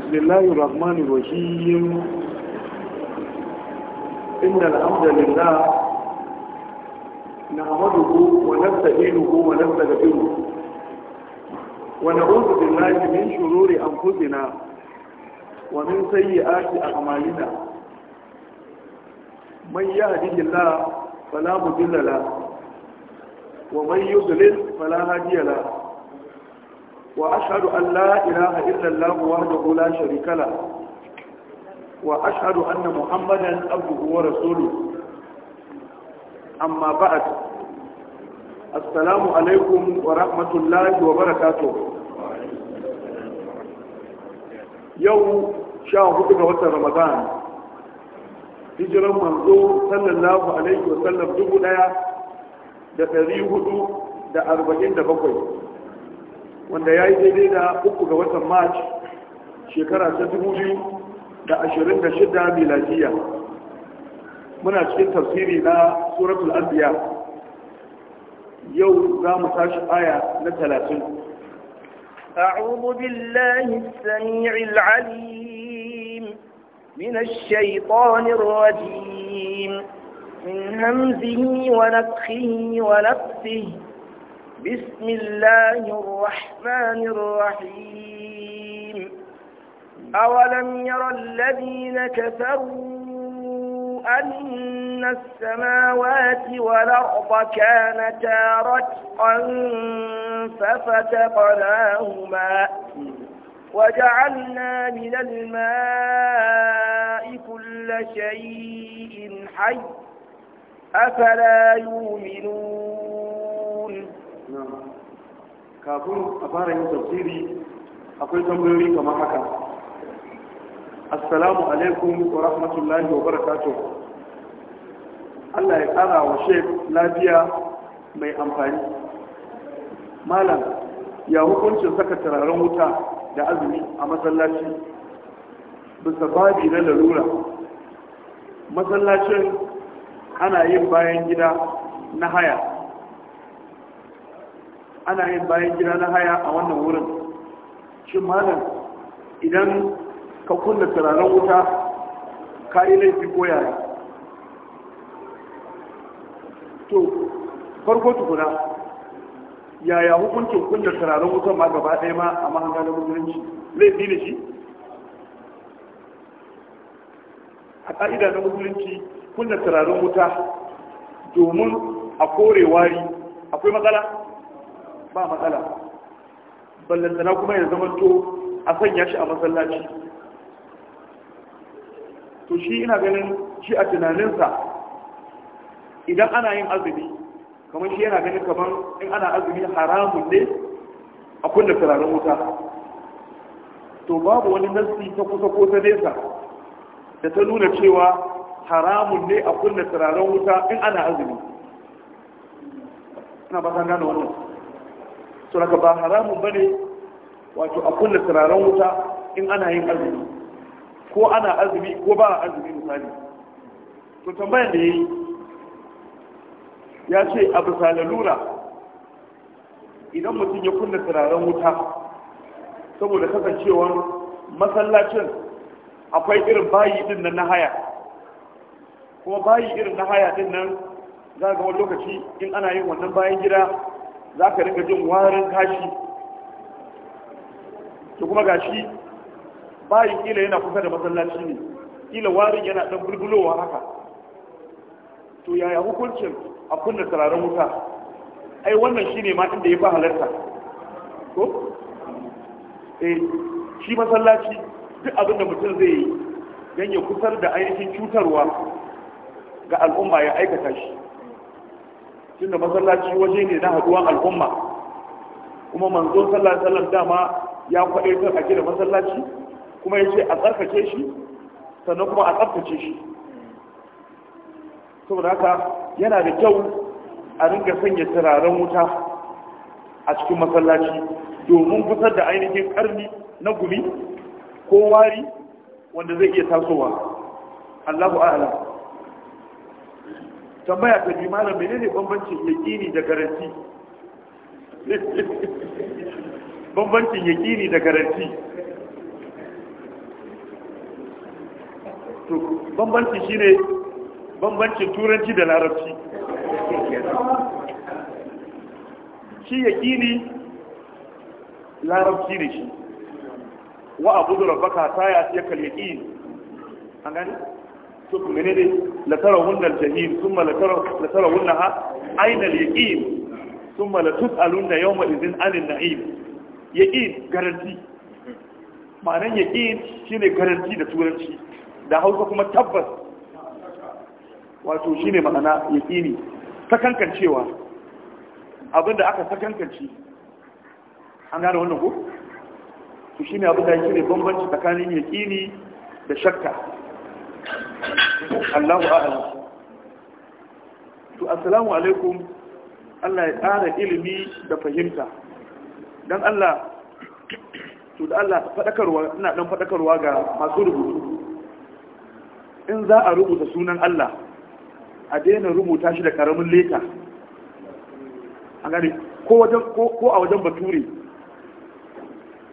بسم الله الرحمن الرحيم إن الحمد لله نعمده ونستعينه ونستغفره ونعوذ بالله من شرور أنفسنا ومن سيئات أعمالنا من يهده الله فلا مضل له ومن يضلل فلا هادي له وأشهد أن لا إله إلا الله وحده لا شريك له وأشهد أن محمدا عبده ورسوله أما بعد السلام عليكم ورحمة الله وبركاته يوم شاهد وقت رمضان hijiran manzo sallallahu alaihi wasallam dubu daya da ɗari hudu da arba'in da bakwai wanda ya yi daidai da uku ga watan march shekara ta dubu biyu da ashirin da shida miladiya muna cikin tafsiri na suratul anbiya yau za mu tashi aya na talatin أعوذ بالله السميع العليم من الشيطان الرجيم من همزه ونفخه ونفسه بسم الله الرحمن الرحيم أولم ير الذين كفروا أن السماوات والأرض كانتا رتقا ففتقناهما وجعلنا من الماء كل شيء حي أفلا يؤمنون kafin a fara yin tafsiri akwai tambayoyi kamar haka assalamu alaikum wa rahmatullahi wa barakatuh Allah ya kara wa shek lafiya mai amfani malam ya hukuncin saka turaren wuta da azumi a masallaci bisa babi na lalura masallacin ana yin bayan gida na haya ana yin bayan gida na haya a wannan wurin shin malam idan ka kunna turaren wuta ka yi laifi ko yare to farko tukuna yaya hukuncin kunna turaren wuta ma gaba ɗaya ma a mahanga na musulunci laifi ne shi a ƙa'ida na musulunci kunna turaren wuta domin a kore wari akwai matsala ba matsala ballantana kuma ya zama to a sanya shi a masallaci to shi ina ganin shi a tunaninsa idan ana yin azumi kamar shi yana ganin kamar in ana azumi haramun ne a kunna turaren wuta to babu wani nasi ta kusa ko ta nesa da ta nuna cewa haramun ne a kunna turaren wuta in ana azumi ina ba ta gane wannan to ba haramun ba ne wato a kulle turaren wuta in ana yin azumi ko ana azumi ko ba azumi misali to tambayar da ya yi ya ce a bisa lalura idan mutum ya kunna turaren wuta saboda kasancewar masallacin akwai irin bayi din nan na haya kuma bayi irin na haya din nan za ga lokaci in ana yin wannan bayan gida za ka rika jin warin kashi to kuma gashi bayin kila yana kusa da masallaci ne kila warin yana dan bulbulowa haka to yaya hukuncin a kunna turaren wuta ai wannan shine ma inda ya fi halarta ko eh shi masallaci duk abin da mutum zai yi don ya kusar da ainihin cutarwa ga al'umma ya aikata shi tunda masallaci waje ne na haduwan al'umma kuma manzon sallallahu alaihi wasallam dama ya kan a gina masallaci kuma ya ce a tsarkake shi sannan kuma a tsarkace shi saboda haka yana da kyau a ringa sanya turaren wuta a cikin masallaci domin kusa da ainihin karni na gumi ko wari wanda zai iya tasowa Allahu a'lam tambaya ta bi malam menene bambancin yaƙini da garanti bambancin yaƙini da garanti to bambanci shine bambancin turanci da larabci shi yaƙini larabci ne shi wa abu da rabaka ta ya siya kal yaƙini an gani menene latarawunna aljahim thumma latarawunnaha ayna alyaqin thumma latus'alunna yawma idhin 'anil na'im yaqin garanti yaƙin yaqin shine garanti da turanci da Hausa kuma tabbas wato shine ma'ana yaqini sakankancewa abinda aka sakankanci an gane wannan ko to shine abinda yake ne bambanci tsakanin yaqini da shakka Allahu a'lam to assalamu alaikum Allah ya ƙara ilimi da fahimta Dan Allah to da Allah fadakarwa ina ɗan faɗakarwa ga masu rubutu in za a rubuta sunan Allah a daina rubuta shi da ƙaramin leta a gani ko a wajen bature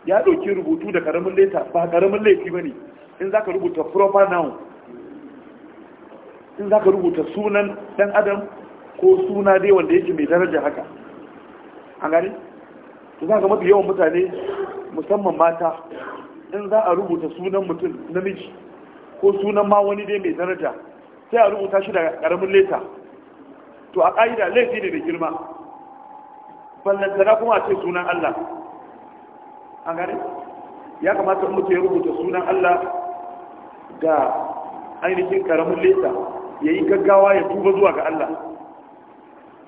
ya ɗauki rubutu da ƙaramin leta ba ƙaramin laifi ba ne in za ka rubuta proper noun in za ka rubuta sunan ɗan adam ko suna dai wanda yake mai daraja haka an gani to za ka mafi yawan mutane musamman mata in za a rubuta sunan mutum namiji ko sunan ma wani dai mai daraja sai a rubuta shi da ƙaramin leta to a ƙa'ida laifi ne da girma ballantana kuma a ce sunan Allah an gani ya kamata mutum ya rubuta sunan Allah ga ainihin ƙaramin leta ya yi gaggawa ya tuba zuwa ga Allah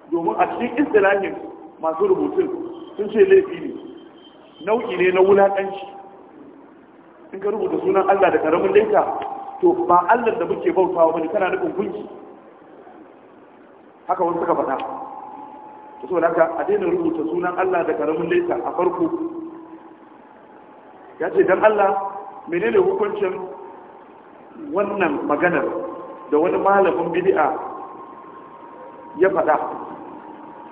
domin a cikin islamin masu rubutun sun ce laifi ne nau'i ne na wulaƙanci in ka rubuta sunan Allah da karamin laifa to ba Allah da muke bautawa wa kana nufin gunki haka wani suka faɗa to so haka a daina rubuta sunan Allah da karamin laifa a farko ya ce dan Allah menene hukuncin wannan maganar da wani malamin bid'a ya faɗa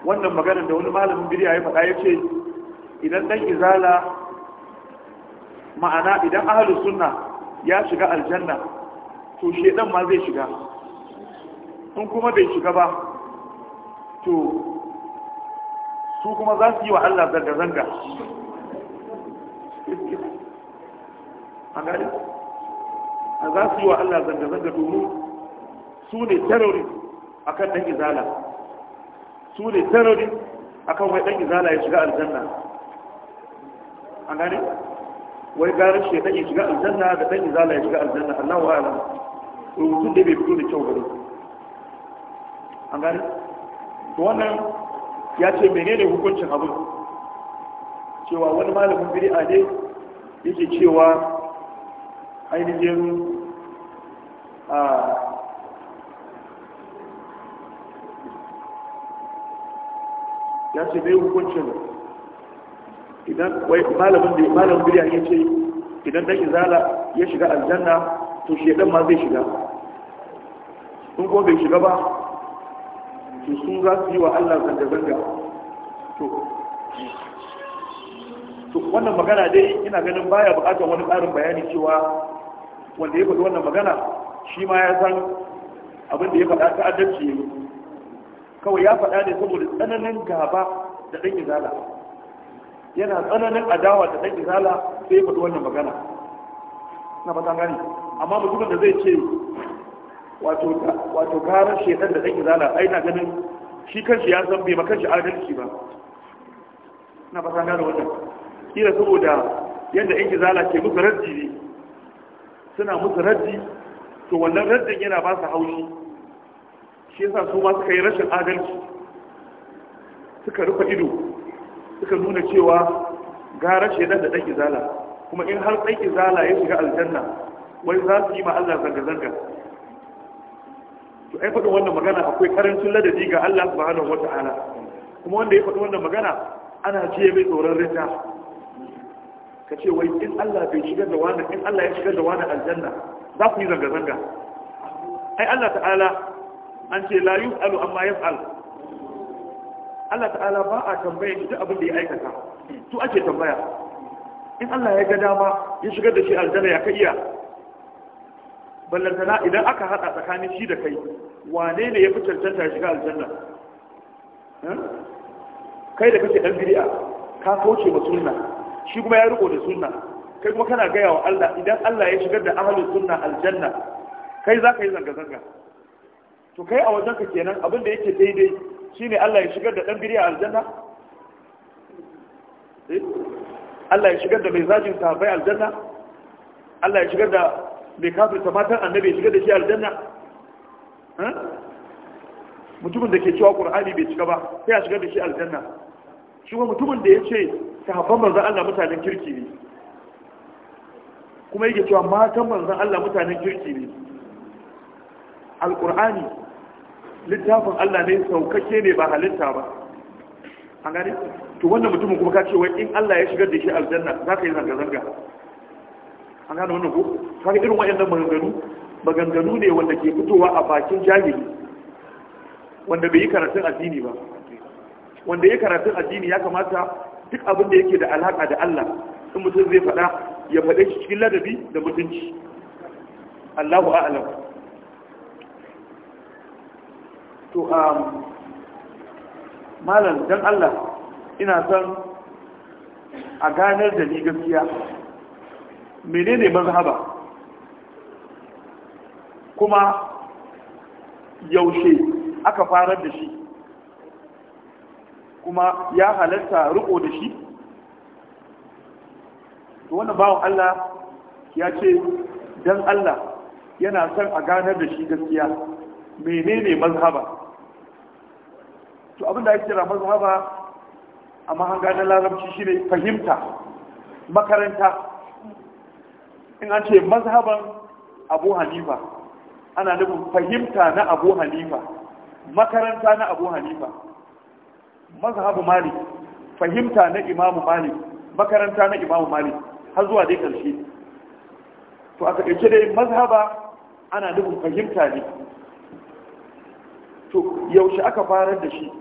wannan maganar da wani malamin bid'a ya faɗa ya ce idan ɗan izala ma'ana idan ahalu sunna ya shiga aljanna to ɗan ma zai shiga in kuma bai shiga ba to su kuma za su yi wa Allah zanga-zanga a gari a za su yi wa Allah zanga-zanga domin su ne akan a kan ɗan izala su ne terrorist a kan wai ɗan izala ya shiga aljanna a gane wai garin shi ɗan ya shiga aljanna da ɗan izala ya shiga aljanna allahu wa ala rubutun da bai fito da kyau gari a gane to wannan ya ce menene hukuncin abu? cewa wani malamin bid'a ne yake cewa ainihin a ah, ya ce bai hukuncin idan wai malamin da malamin bidiya ya ce idan dan izala ya shiga aljanna to dan ma zai shiga sun ko bai shiga ba to sun za su yi wa Allah zanga-zanga to to wannan magana dai ina ganin baya bukatar wani ƙarin bayani cewa wanda ya faɗi wannan magana shi ma ya san abin da ya faɗa ta adalci kawai ya faɗa ne saboda tsananin gaba da ɗan izala yana tsananin adawa da ɗan izala sai faɗi wannan magana na fata gani amma mutumin da zai ce wato karar shekar da ɗan izala ai na ganin shi kanshi ya san bai ma kanshi adalci ba na fata gani wannan kira saboda yadda ɗan izala ke musu raddi ne suna musu raddi to wannan raddin yana ba su haushi shi yasa su ma suka yi rashin adalci suka rufe ido suka nuna cewa gara dan da ɗan izala kuma in har ɗan izala ya shiga aljanna wai za su yi ma Allah zanga-zanga to ai faɗin wannan magana akwai karancin ladabi ga Allah subhanahu wata'ala kuma wanda ya faɗi wannan magana ana ce mai tsoron rinta ka ce wai in Allah bai shigar da wani in Allah ya shigar da wani aljanna za ku yi zanga-zanga ai Allah ta'ala an ce la alu amma yaf'al Allah ta'ala ba a tambaya shi duk abin da ya aikata su ake tambaya in Allah ya ga dama ya shigar da shi aljanna ya ka iya ballantana idan aka hada tsakanin shi da kai wane ne ya fi cancanta ya shiga aljanna hmm? kai da kake ɗan biri'a ka kauce ma sunna shi kuma ya riko da sunna kai kuma kana gaya wa Allah idan Allah ya shigar da ahlus sunna aljanna kai za ka yi zanga zanga to kai a wajenka kenan abin da yake daidai shine Allah ya shigar da dan a aljanna eh? Allah ya shigar da mai zajin tafai aljanna Allah ya shigar da mai kafirta matan annabi ya shigar da shi aljanna eh? mutumin da ke cewa ƙur'ani bai cika ba sai a shigar da shi aljanna shi kuma mutumin da ya ce sahabban manzan Allah mutanen kirki ne kuma yake cewa matan manzan Allah mutanen kirki ne alƙur'ani littafin Allah ne saukake ne ba halitta ba an gani to wannan mutumin kuma ka ce wai in Allah ya shigar da shi aljanna za ka yi zanga-zanga an gani wannan ko ka ga irin waɗannan maganganu maganganu ne wanda ke fitowa a bakin jahili wanda bai yi karatun addini ba wanda ya karatun addini ya kamata duk abin da yake da alaka da Allah in mutum zai faɗa ya faɗe shi cikin ladabi da mutunci Allahu a'lam to um, malam don allah ina son a ganar da ni gaskiya menene mazhaba kuma yaushe aka farar da shi kuma ya halatta riko da shi to wannan bawan allah ya ce dan allah yana son a ganar da shi gaskiya menene mazhaba to abin da ake zama ba a mahanga na larabci shi ne fahimta makaranta in an ce mazhaban abu hanifa ana nufin fahimta na abu hanifa makaranta na abu hanifa mazhabu malik fahimta na imamu malik makaranta na imamu malik har zuwa dai karshe to a ɗauke dai mazhaba ana nufin fahimta ne to yaushe aka farar da shi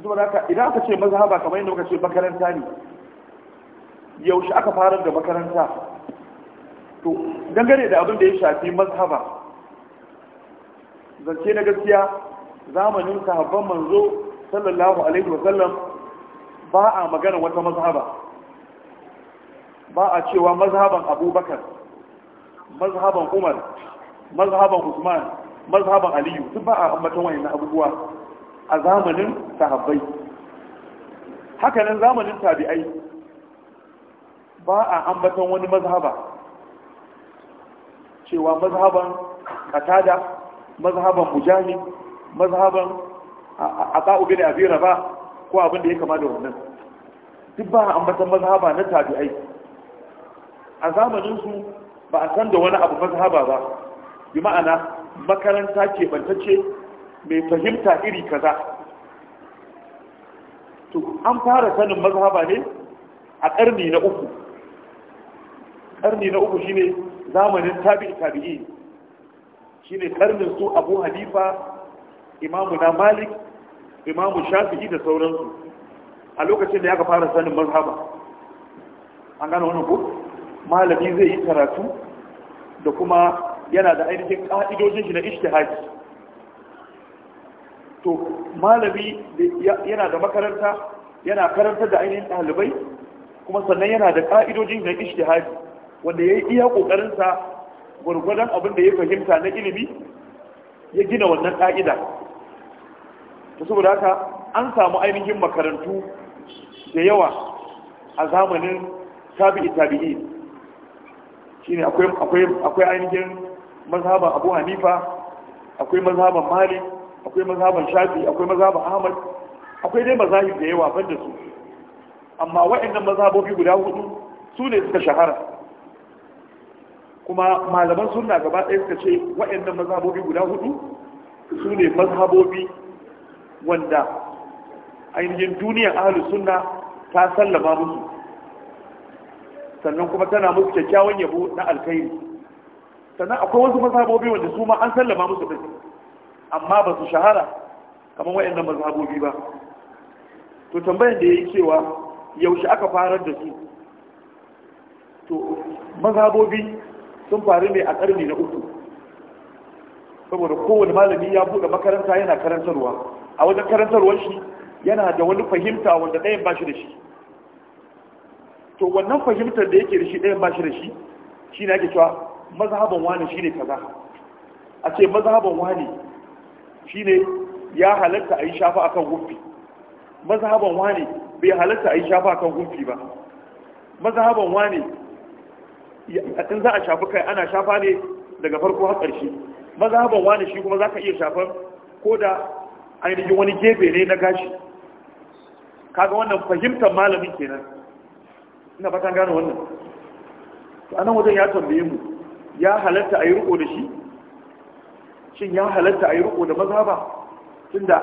kuma idan aka ce mazhaba kamar yadda muka ce makaranta ne yaushe aka fara da makaranta to dangane da abin da ya shafi mazhaba zance na gaskiya zamanin sahabban manzo sallallahu alaihi wa sallam ba a magana wata mazhaba ba a cewa mazhaban abubakar mazhaban umar mazhaban usman mazhaban aliyu duk ba a ambatan wayannan abubuwa a zamanin sahabbai hakanan zamanin tabi'ai ba a ambaton wani mazhaba cewa mazhaban katada mazhaban mujahid mazhaban aqa'u bin abi ba ko abin da ya kama da wannan duk ba a ambaton mazhaba na tabi'ai a zamanin su ba a san da wani abu mazhaba ba bi ma'ana makaranta ce bantacce mai fahimta iri kaza to an fara sanin mazhaba ne a ƙarni na uku ƙarni na uku shine zamanin tabi'i tabi'i shine ƙarnin su abu hanifa imamu na malik imamu shafi'i da sauransu a lokacin da aka fara sanin mazhaba an gane wani ko malami zai yi karatu da kuma yana da ainihin ƙa'idojin shi na ishtihadi to malami yana da makaranta yana karanta da ainihin ɗalibai kuma sannan yana da ƙa'idojin na ishtihadi wanda ya yi iya ƙoƙarinsa gwargwadon abin da ya fahimta na ilimi ya gina wannan ƙa'ida ta saboda haka an samu ainihin makarantu da yawa a zamanin tabi'i tabi'i shine akwai akwai akwai ainihin mazhaban Abu Hanifa akwai mazhaban Malik akwai mazhaban shafi akwai mazhaban ahmad akwai dai mazahib da yawa ban da su amma waɗannan mazhabobi guda hudu su ne suka shahara kuma malaman sunna gaba ɗaya suka ce waɗannan mazhabobi guda hudu su ne mazhabobi wanda ainihin duniyar ahalus sunna ta sallama musu sannan kuma tana musu kyakkyawan yabo na alkhairi sannan akwai wasu mazhabobi wanda su ma an sallama musu din amma ba su shahara kamar wayannan mazhabobi ba to tambayar da ya yi cewa yaushe aka farar da su to mazhabobi sun faru ne a ƙarni na uku saboda kowane malami ya buɗe makaranta yana karantarwa a wajen karantarwar shi yana da wani fahimta wanda ɗayan ba shi da shi to wannan fahimtar da yake da shi ɗayan ba shi da shi shi ne ake cewa mazhaban wani shi ne kaza a ce mazhaban wani shine ya halatta a yi shafa kan gumfi haban wani bai halatta a yi shafa akan gumfi ba haban wani in za a shafi kai ana shafa ne daga farko har ƙarshe haban wani shi kuma za ka iya shafar ko da ainihin wani gefe ne na gashi kaga wannan fahimtar malamin kenan ina fatan gane wannan to anan wajen ya tambaye mu ya halatta a yi riko da shi shin ya halatta a yi riko da tun da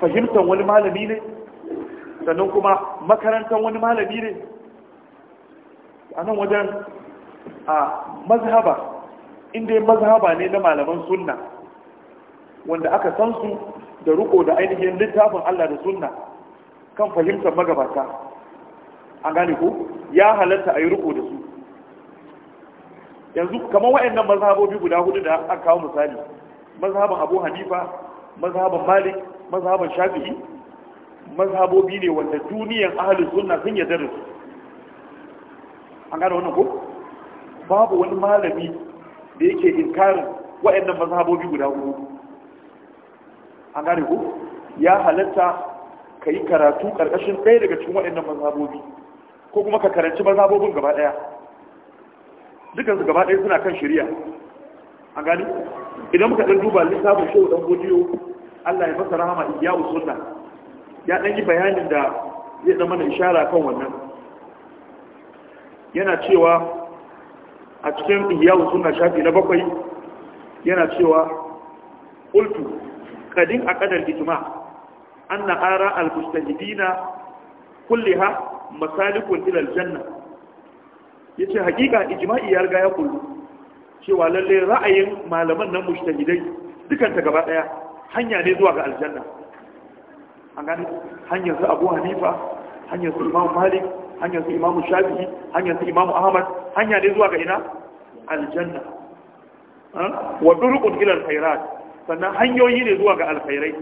fahimtar wani malami ne sannan kuma makarantar wani malami ne a nan wajen a mazhaba inda ya mazhaba ne na malaman sunna wanda aka san su da riko da ainihin littafin Allah da sunna kan fahimtar magabata an gane ku ya halatta a yi riko da su yanzu kamar waɗannan mazhabobi guda hudu da aka kawo misali mazhaban abu hanifa mazhaban malik mazhaban shafi'i mazhabobi ne wanda duniyan ahalin sunna sun yarda da su an gane wannan ko babu wani malami da yake inkarin waɗannan mazhabobi guda uku. an gane ko ya halatta ka yi karatu karkashin ɗaya daga cikin waɗannan mazhabobi ko kuma ka karanci mazhabobin gaba ɗaya dukansu gaba ɗaya suna kan shari'a an gane idan muka dan duba lissafin shehu dan godiyo Allah ya fasa rahama ya usunna ya dan yi bayanin da zai zama na ishara kan wannan yana cewa a cikin ya usunna shafi na bakwai yana cewa qultu kadin aqadal ijma na ara al-mustahidina kullaha masalikun ilal janna yace hakika ijma'i ya riga ya kullu cewa lalle ra'ayin malaman nan mujtahidai dukan ta gaba daya hanya ne zuwa ga aljanna an gani hanyar su Abu Hanifa hanyar su Imam Malik hanyar su Imam Shafi'i hanyar su Imam Ahmad hanya ne zuwa ga ina aljanna wa turuqun ila alkhairat sannan hanyoyi ne zuwa ga alkhairai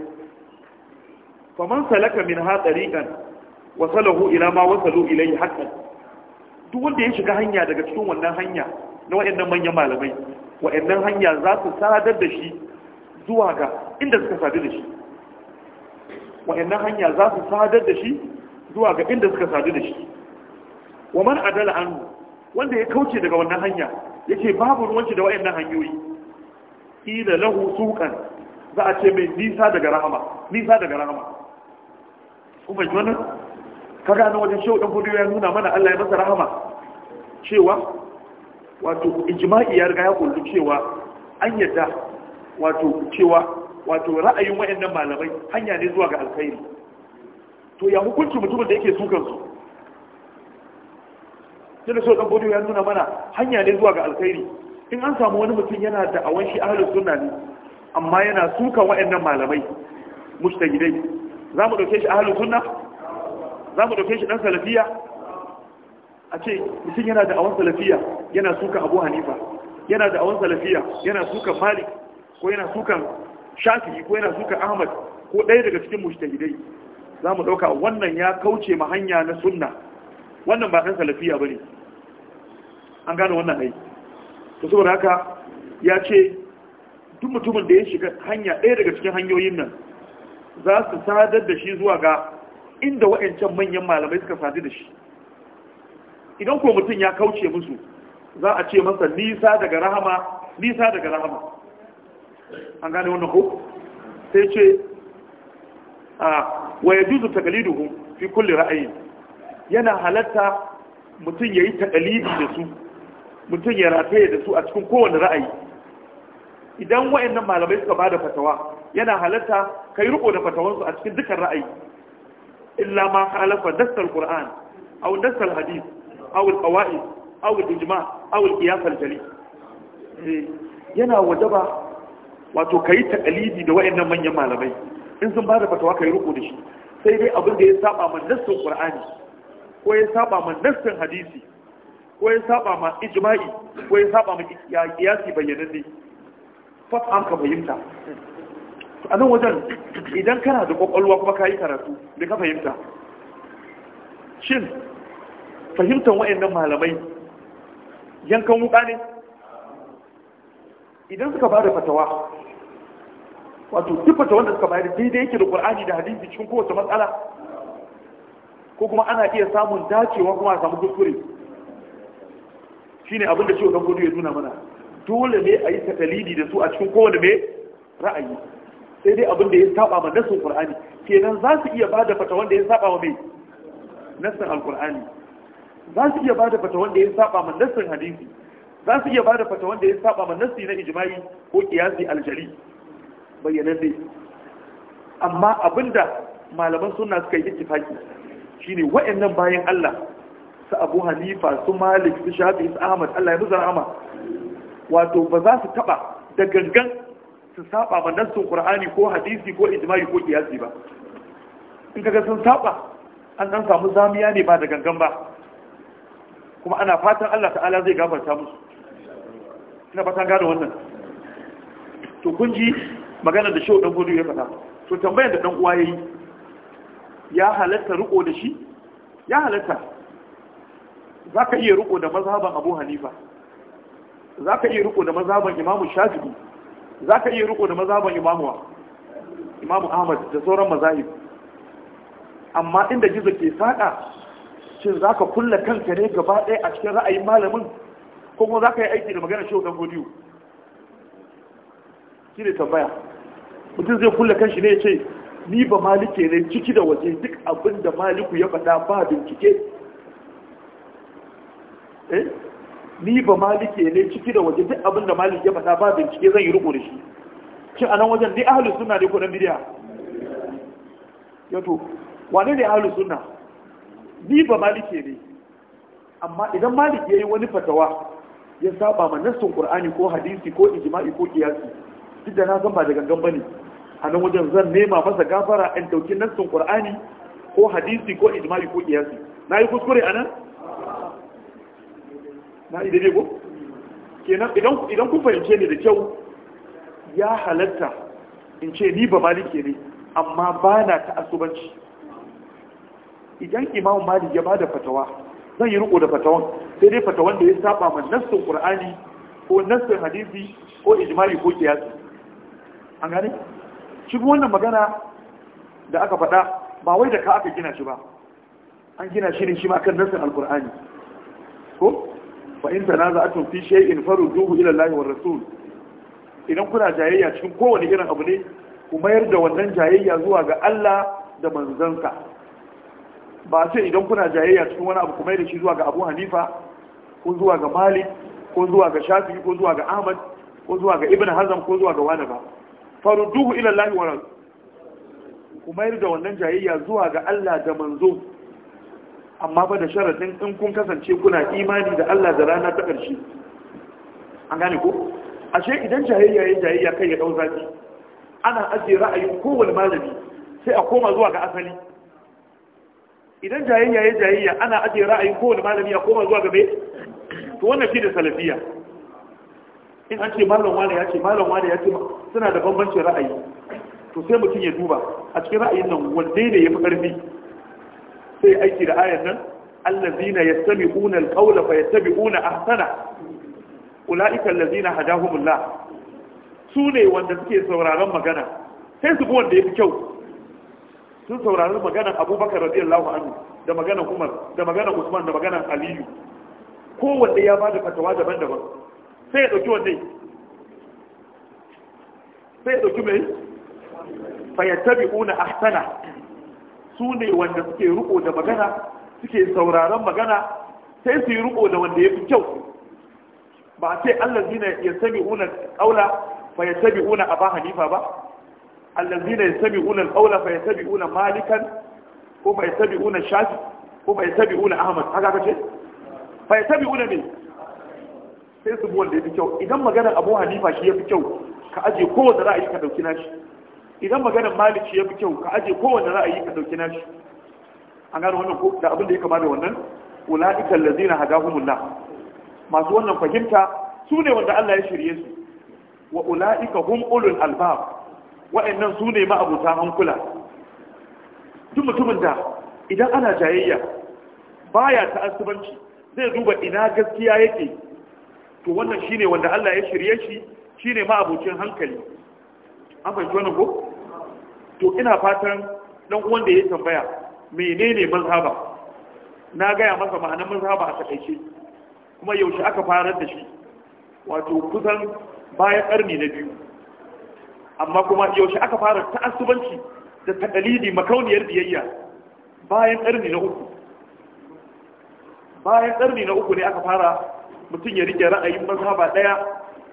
faman salaka min ha tariqan wasalahu ila ma wasalu ilayhi haqqan duk wanda ya shiga hanya daga cikin wannan hanya na waɗannan manyan malamai waɗannan hanya za su sadar da shi zuwa ga inda suka sadu da shi waɗannan hanya za su sadar da shi zuwa ga inda suka sadu da shi wa man adala anhu wanda ya kauce daga wannan hanya yake babu ruwanci da waɗannan hanyoyi ila lahu suqan za a ce mai nisa daga rahama nisa daga rahama kuma ji wannan kaga na wajen shehu dan gudu ya nuna mana Allah ya masa rahama cewa wato ijma'i ya riga ya kullu cewa an yadda wato cewa wato ra'ayin wayannan malamai hanya ne zuwa ga alkhairi to ya hukunci mutumin da yake sukan su sai da so dan bodo ya nuna mana hanya ne zuwa ga alkhairi in an samu wani mutum yana da awan shi ahlus sunna ne amma yana sukan wayannan malamai mustajidai za mu dauke shi ahlus sunna za mu dauke shi dan salafiya a ce mutum yana da awon salafiya yana suka abu hanifa yana da awon salafiya yana suka malik ko yana suka Shafi, ko yana suka ahmad ko ɗaya daga cikin mujtahidai za mu ɗauka wannan ya kauce ma hanya na sunna wannan ba ɗan salafiya ba ne an gane wannan ai to saboda haka ya ce duk mutumin da ya shiga hanya ɗaya daga cikin hanyoyin nan za su sadar da shi zuwa ga inda wa'ancan manyan malamai suka sadu da shi idan ko mutum ya kauce musu za a ce masa nisa daga rahama nisa daga rahama an gane wannan ko sai ce a wa yajuzu takaliduhu fi kulli ra'ayi yana halatta mutum yayi takalidi da su mutum ya rataye da su a cikin kowane ra'ayi idan wayannan malamai suka bada fatawa yana halatta kai riko da su a cikin dukkan ra'ayi illa ma khalafa dastal qur'an aw dastal hadith awul qawaid awul ijma awul qiyas al-jali yana wajaba wato kai taqlidi da wayannan manyan malamai in sun bada fatawa kai ruku da shi sai dai abin da ya saba man nassin qur'ani ko ya saba man nassin hadisi ko ya saba ma ijma'i ko ya saba ma qiyasi bayyananne fat an ka fahimta a nan wajen idan kana da kwakwalwa kuma ka yi karatu da ka fahimta shin fahimtar wayannan malamai yankan wuka ne idan suka bada fatawa wato duk fata wanda suka bayar daidai yake da ƙwar'ani da hadisi cikin kowace matsala ko kuma ana iya samun dacewa kuma a samu kuskure shine abinda da ciwo dan gudu ya nuna mana dole ne a yi takalidi da su a cikin kowane mai ra'ayi sai dai abinda ya saba ma nasin ƙwar'ani kenan za su iya bada fata wanda ya saba wa mai nasin alqur'ani za su iya bada fata wanda ya saba ma nassin hadisi za su iya bada fata wanda ya saba ma nassi na ijma'i ko qiyasi aljali bayyana dai amma abinda malaman sunna suka yi ittifaki shine wa'annan bayan Allah su Abu Hanifa su Malik su Shafi su Ahmad Allah ya musu rahama wato ba za su taba da gangan su saba ma nassin Qur'ani ko hadisi ko ijma'i ko qiyasi ba in kaga sun saba an dan samu zamiya ne ba da gangan ba kuma ana fatan Allah ta'ala zai gafarta musu ina fatan gane wannan to kun ji magana da shau dan gudu ya faɗa to tambayar da dan uwa yayi ya halatta riko da shi ya halatta zaka iya riko da mazhaban Abu Hanifa zaka iya riko da mazhaban Imam Shafi'i zaka iya riko da mazhaban Imam Imam Ahmad da sauran mazahib amma inda gizo ke saka shin za ka kulle kanka ne gaba ɗaya a cikin ra'ayin malamin ko kuma za ka yi aiki da magana shi dan godiyo shi ne tambaya mutum zai kulle kanshi ne ya ce ni ba malike ne ciki da waje duk abin da maliku ya faɗa ba bincike eh? ni ba malike ne ciki da waje duk abin da maliku ya faɗa ba bincike zan yi riko da shi shi a nan wajen ni ahalus suna ne ko dan bidiya yato wane ne ahalus suna ni ba Maliki ne amma idan maliki yayi wani fatawa ya saba ma nassin qur'ani ko hadisi ko ijma'i ko qiyasi duk da na san ba da gangan bane a nan wajen zan nema masa gafara in dauki nassin qur'ani ko hadisi ko ijma'i ko qiyasi na yi kuskure anan na yi daidai ko kenan idan idan ku fahimce ni da kyau ya halatta in ce ni ba Maliki ne amma ba na asubanci. idan imamu malik ya ba da fatawa zan yi riko da fatawan sai dai fatawan da ya saba ma nassin qur'ani ko nassin hadisi ko ijma'i ko qiyas an gane shi wannan magana da aka faɗa ba wai da ka aka gina shi ba an gina shi ne shi ma kan nassin alqur'ani ko fa in tanaza'atum fi shay'in farudduhu ila Allah wa rasul idan kuna jayayya cikin kowane irin abu ne ku mayar da wannan jayayya zuwa ga Allah da manzansa ba sai idan kuna jayayya cikin wani abu kuma da shi zuwa ga abu hanifa ko zuwa ga malik ko zuwa ga shafi ko zuwa ga ahmad ko zuwa ga ibn hazam ko zuwa ga wani ba duhu ila allahi wa rasul kuma da wannan jayayya zuwa ga Allah da manzo amma ba da sharadin in kun kasance kuna imani da Allah da rana ta ƙarshe an gane ko ashe idan jayayya ya jayayya kai ya dau zaki ana ajiye ra'ayin kowane malami sai a koma zuwa ga asali idan jayayya ya jayayya ana ajiye ra'ayin kowane malami ya koma zuwa gabe to wannan fi da salafiya in an ce malam wani ya ce malam wani ya ce suna da bambancin ra'ayi to sai mutum ya duba a cikin ra'ayin nan wanne ne ya fi ƙarfi sai aiki da ayar nan allazina yastami'una alqawla fa yattabi'una ahsana ulaika allazina hadahumullah su ne wanda suke sauraron magana sai su bi wanda ya fi kyau sun saurari maganar abubakar radiyallahu anhu da maganar umar da maganar usman da maganar aliyu kowanne ya bada fatawa daban-daban sai ya dauki wanne sai ya dauki mai a ahsana su ne wanda suke riko da magana suke sauraron magana sai su yi riko da wanda ya fi kyau ba a ce Allah zina ya sami una aula, fa ya una a ba hanifa ba allazina yastabi'una al-qawla fa yastabi'una malikan ko fa yastabi'una shafi ko fa yastabi'una ahmad haka kace fa yastabi'una min sai su buwan da yafi kyau idan maganar abu hanifa shi yafi kyau ka aje kowanne ra'ayi ka dauki nashi idan maganar malik yafi kyau ka aje kowanne ra'ayi ka dauki nashi an gano wannan ko da abin da ya kama da wannan ulaika allazina hadahumullah masu wannan fahimta sune wanda Allah ya shirye su wa ulaika hum ulul albab wa'annan su ne ma'abuta hankula duk mutumin da idan ana jayayya baya ta'asibanci zai duba ina gaskiya yake to wannan shine wanda Allah ya shirye shi shine ma'abucin hankali an fahimci wannan ko to ina fatan dan uwan da ya tambaya menene mazhaba na gaya masa ma'anar mazhaba a takaice kuma yaushe aka farar da shi wato kusan bayan karni na biyu amma kuma yaushe aka fara ta'assubanci da dalili makauniyar biyayya bayan karni na uku bayan karni na uku ne aka fara mutum ya rike ra'ayin mazhaba daya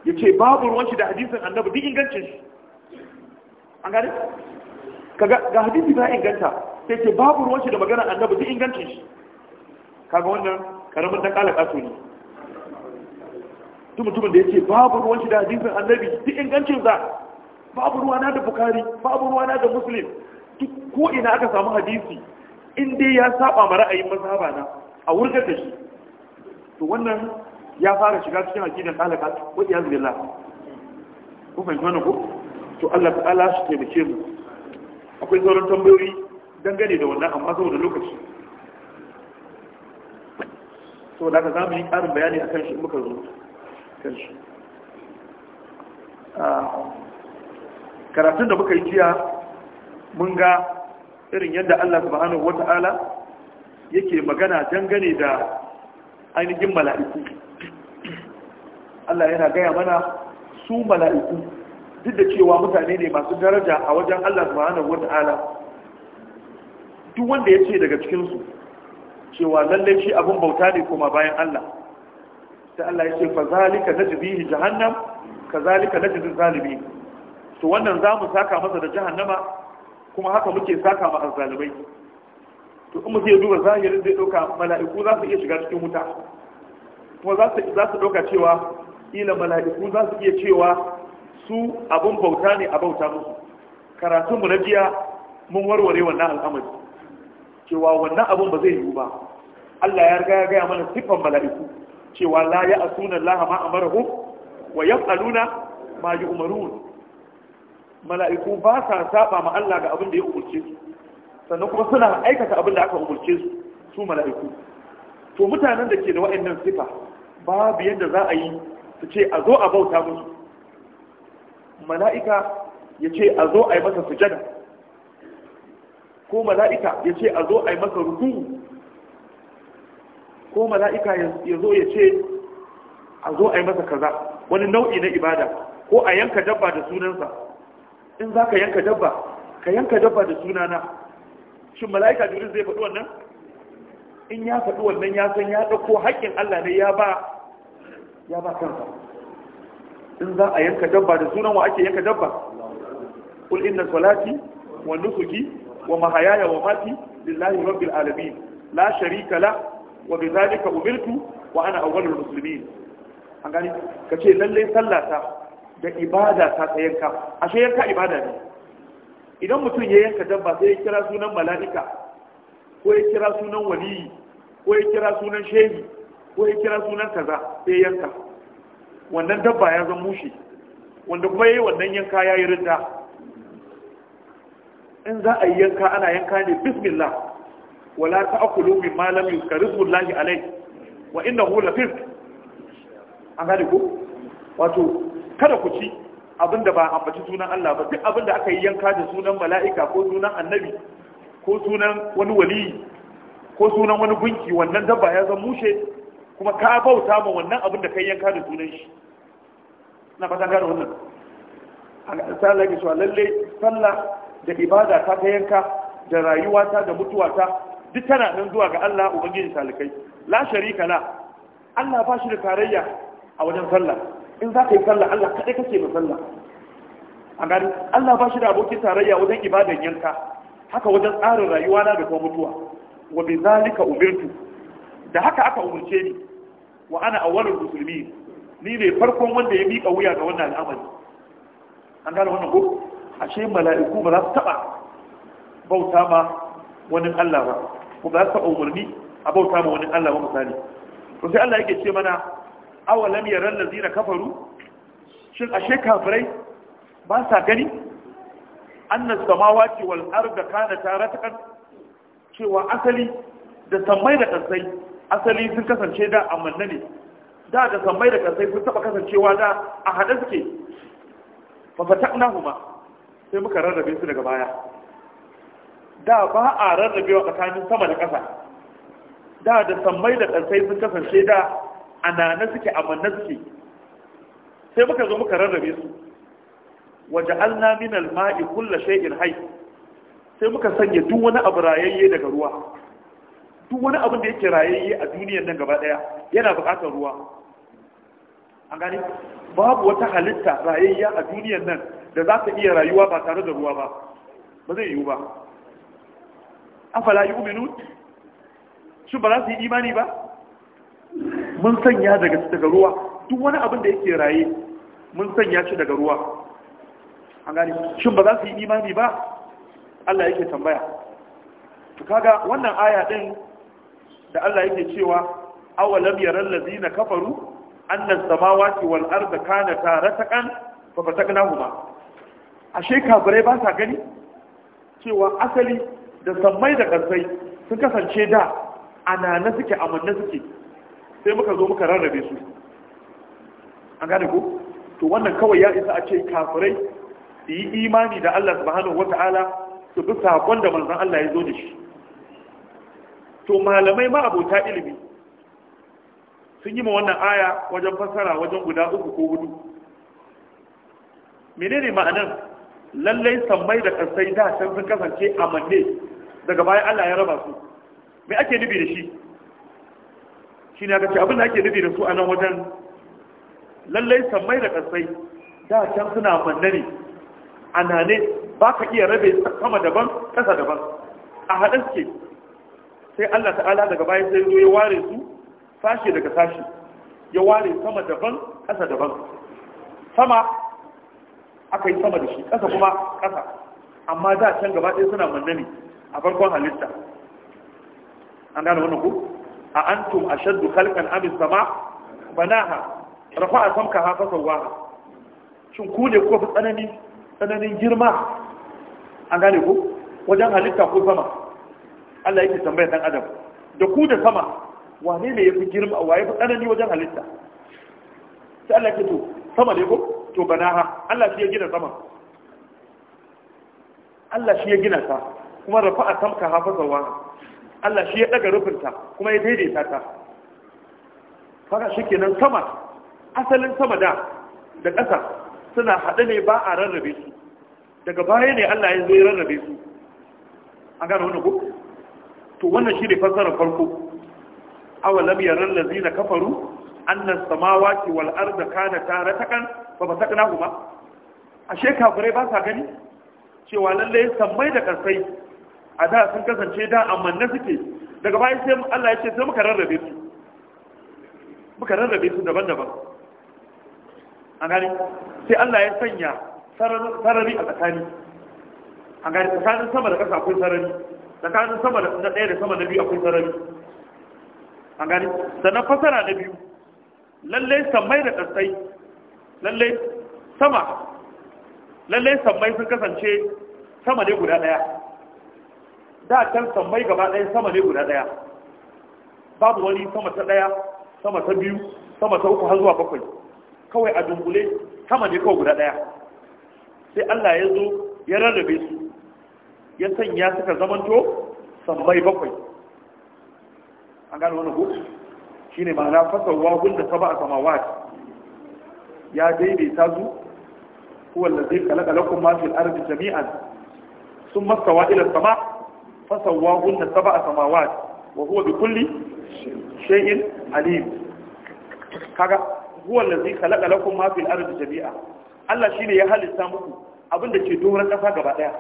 ya ce babu ruwanci da hadisin annabi duk ingancin shi an gane ga hadisi ba inganta sai ce babu ruwanci da magana annabi duk ingancin shi kaga wannan karamin dan kala kaso ne mutumin da ya ce babu ruwanci da hadisin annabi duk ingancin sa babu na da bukari babu na da muslim duk ko ina aka samu hadisi in dai ya saba ma ra'ayin mazhaba na a wurgar da shi to wannan ya fara shiga cikin aqidar talaka wa ya billah ko fahimci wannan ko to Allah ta'ala shi da mu akwai sauran tambayoyi dangane da wannan amma saboda lokaci so da ka za mu yi ƙarin bayani akan shi muka zo kan shi karatun da muka yi jiya mun ga irin yadda Allah subhanahu wata'ala yake magana dangane da ainihin mala'iku Allah yana gaya mana su mala'iku duk da cewa mutane ne masu daraja a wajen Allah subhanahu wata'ala duk wanda ya ce daga cikinsu cewa lallai shi abin bauta ne kuma bayan Allah sai Allah ya ce fa zalika najbihi jahannam kazalika najzi zalimin to wannan za mu saka masa da jahannama kuma haka muke saka ma azzalumai to in muke duba zahirin zai ɗauka mala'iku za su iya shiga cikin wuta kuma za su ɗauka cewa ila mala'iku za su iya cewa su abun bauta ne a bauta musu karatun mu na jiya mun warware wannan al'amari cewa wannan abun ba zai yiwu ba Allah ya riga ya gaya mana siffan mala'iku cewa la ya asuna Allah ma amarahu wa yaf'aluna ma yu'marun mala'iku ba sa saba ma Allah ga abin da ya umurce su sannan kuma suna aikata abin da aka umurce su su mala'iku to mutanen da ke da wa'annan sifa babu yadda za a yi su ce a zo a bauta musu mala'ika ya ce a zo a yi masa sujada ko mala'ika ya ce a zo a yi masa ruku ko mala'ika ya zo ya ce a zo a yi masa kaza wani nau'i na ibada ko a yanka dabba da sunansa in za ka yanka dabba ka yanka dabba da sunana shin mala'ika jibril zai faɗi wannan in ya faɗi wannan ya san ya ɗauko haƙƙin Allah ne ya ba ya ba kansa in za a yanka dabba da sunan wa ake yanka dabba ƙul inna salati wa nusuki wa mahayaya wa mati lillahi rabbil alamin la sharika la wa zalika umirtu wa ana awwalul muslimin an gani kace lalle sallata da ibada ta ta yanka ashe yanka ibada ne idan mutum ya yanka dabba sai ya kira sunan mala'ika ko ya kira sunan waliyi ko ya kira sunan shehi ko ya kira sunan kaza sai yanka wannan dabba ya zan mushe wanda kuma yayi wannan yanka ya yi in za a yi yanka ana yanka ne bismillah wala ta'kulu mimma lam yuzkarismullahi alayhi wa innahu lafisq an gane ko wato kada ku ci abinda ba ambaci sunan Allah ba duk abinda aka yi yanka da sunan mala'ika ko sunan annabi ko sunan wani wali ko sunan wani gunki wannan dabba ya zama mushe kuma ka bauta ma wannan abin da kai yanka da sunan shi na fatan gane wannan a sallah ki lalle sallah da ibada ta ta yanka da rayuwata da mutuwata duk tana nan zuwa ga Allah ubangiji salikai la sharika la Allah ba shi da tarayya a wajen sallah in za ka yi sallah Allah kaɗai kake da sallah a gani Allah ba shi da abokin tarayya wajen ibadan yanka haka wajen tsarin rayuwa na da kuma mutuwa wa bi zalika umirtu da haka aka umurce ni wa ana awwalul muslimin ni ne farkon wanda ya miƙa wuya ga wannan al'amari an gane wannan ko ashe mala'iku ba za su taba bauta ma wani Allah ba ko ba za su taba umarni a bauta ma wani Allah ba misali to sai Allah yake ce mana awalam yaran lazina kafaru shin ashe kafirai ba sa gani annas samawati wal arda kana taratakan cewa asali da sammai da kasai asali sun kasance da amanna ne da da sammai da kasai sun taba kasancewa da a hada suke fa huma sai muka rarrabe su daga baya da ba a rarrabewa tsakanin sama da ƙasa da da sammai da kasai sun kasance da anana suke manna suke sai muka zo muka rarrabe su waje alna min alma'i kulla shay'in hayy sai muka sanya duk wani abu rayayye daga ruwa duk wani abu da yake rayayye a duniyar nan gaba daya yana buƙatar ruwa an gani babu wata halitta rayayya a duniyar nan da za ta iya rayuwa ba tare da ruwa ba ba zai yiwu ba afala yu'minun shi ba za su yi imani ba mun sanya daga daga ruwa duk wani abin da yake raye mun sanya shi daga ruwa an gani. shin ba za su yi imani ba Allah yake tambaya to kaga wannan aya din da Allah yake cewa awalam yaral ladina kafaru anna samawati wal arda kanata ratqan fa fataknahuma ashe kafirai ba sa gani cewa asali da sammai da kansai sun kasance da anana suke amanna suke sai muka zo muka rarrabe su an gane ko to wannan kawai ya isa a ce kafirai su yi imani da Allah subhanahu wata'ala su bi sakon da manzon Allah ya zo da shi to malamai ma abota ilimi sun yi ma wannan aya wajen fassara wajen guda uku ko hudu menene ma'anar lallai sammai da kasai da sun kasance amanne daga baya Allah ya raba su me ake nufi da shi shi ne aka ce abin ake nufi da su a nan wajen lallai sammai da kasai da can suna manne ne a nane ba ka iya rabe sama daban ƙasa daban a haɗar suke sai allah ta'ala daga bayan sai ya ware su sashe daga sashi, ya ware sama daban ƙasa daban sama aka yi sama da shi ƙasa kuma ƙasa amma da can gaba ɗaya suna manne ne a farkon halitta an gane wannan ku a antum ashaddu khalqan am as-sama banaha rafa'a samkaha fa sawaha shin ku ne kuka fi tsanani tsananin girma an gane ku wajen halitta ko sama Allah yake tambayar dan adam da ku da sama wane ne yafi girma waye fi tsanani wajen halitta sai Allah ke to sama ne ko to banaha Allah shi ya gina sama Allah shi ya gina ta kuma rafa'a samkaha fa sawaha Allah shi ya daga rufinta kuma ya daidaita ta shi kenan sama asalin sama da da ƙasa suna haɗe ne ba a rarrabe su daga baya ne Allah ya zai rarrabe su an gane wani ko to wannan shi ne fassarar farko awalam yaran na kafaru annas samawati da arda kana taratakan fa basaknahuma ashe kafirai ba sa gani cewa lallai sammai da ƙasai a da sun kasance da amma na suke daga bayan sai Allah ya ce sai muka rarrabe su muka rarrabe su daban-daban an gani sai Allah ya sanya sarari a tsakani an gani tsakanin sama da ƙasa akwai sarari tsakanin sama da ɗaya da sama na biyu akwai sarari an gani sannan fasara na biyu lallai sammai da ƙasai lallai sama lallai sammai sun kasance sama ne guda ɗaya da can sammai gaba ɗaya sama ne guda ɗaya babu wani sama ta ɗaya sama ta biyu sama ta uku har zuwa bakwai kawai a dunkule sama ne kawai guda ɗaya sai Allah ya zo ya rarrabe su ya sanya suka zamanto sammai bakwai an gano wani shi ne ma'ana fasarwa gunda ta ba a samawati ya daidaita su huwa allazi khalaqa lakum ma ardi jami'an sun stawa ilar sama fasawahunna sab'a a samawat wa huwa bi kulli shay'in alim kaga huwa allazi khalaqa lakum ma fil ardi jami'a Allah shine ya halitta muku abinda ke doron kasa gaba daya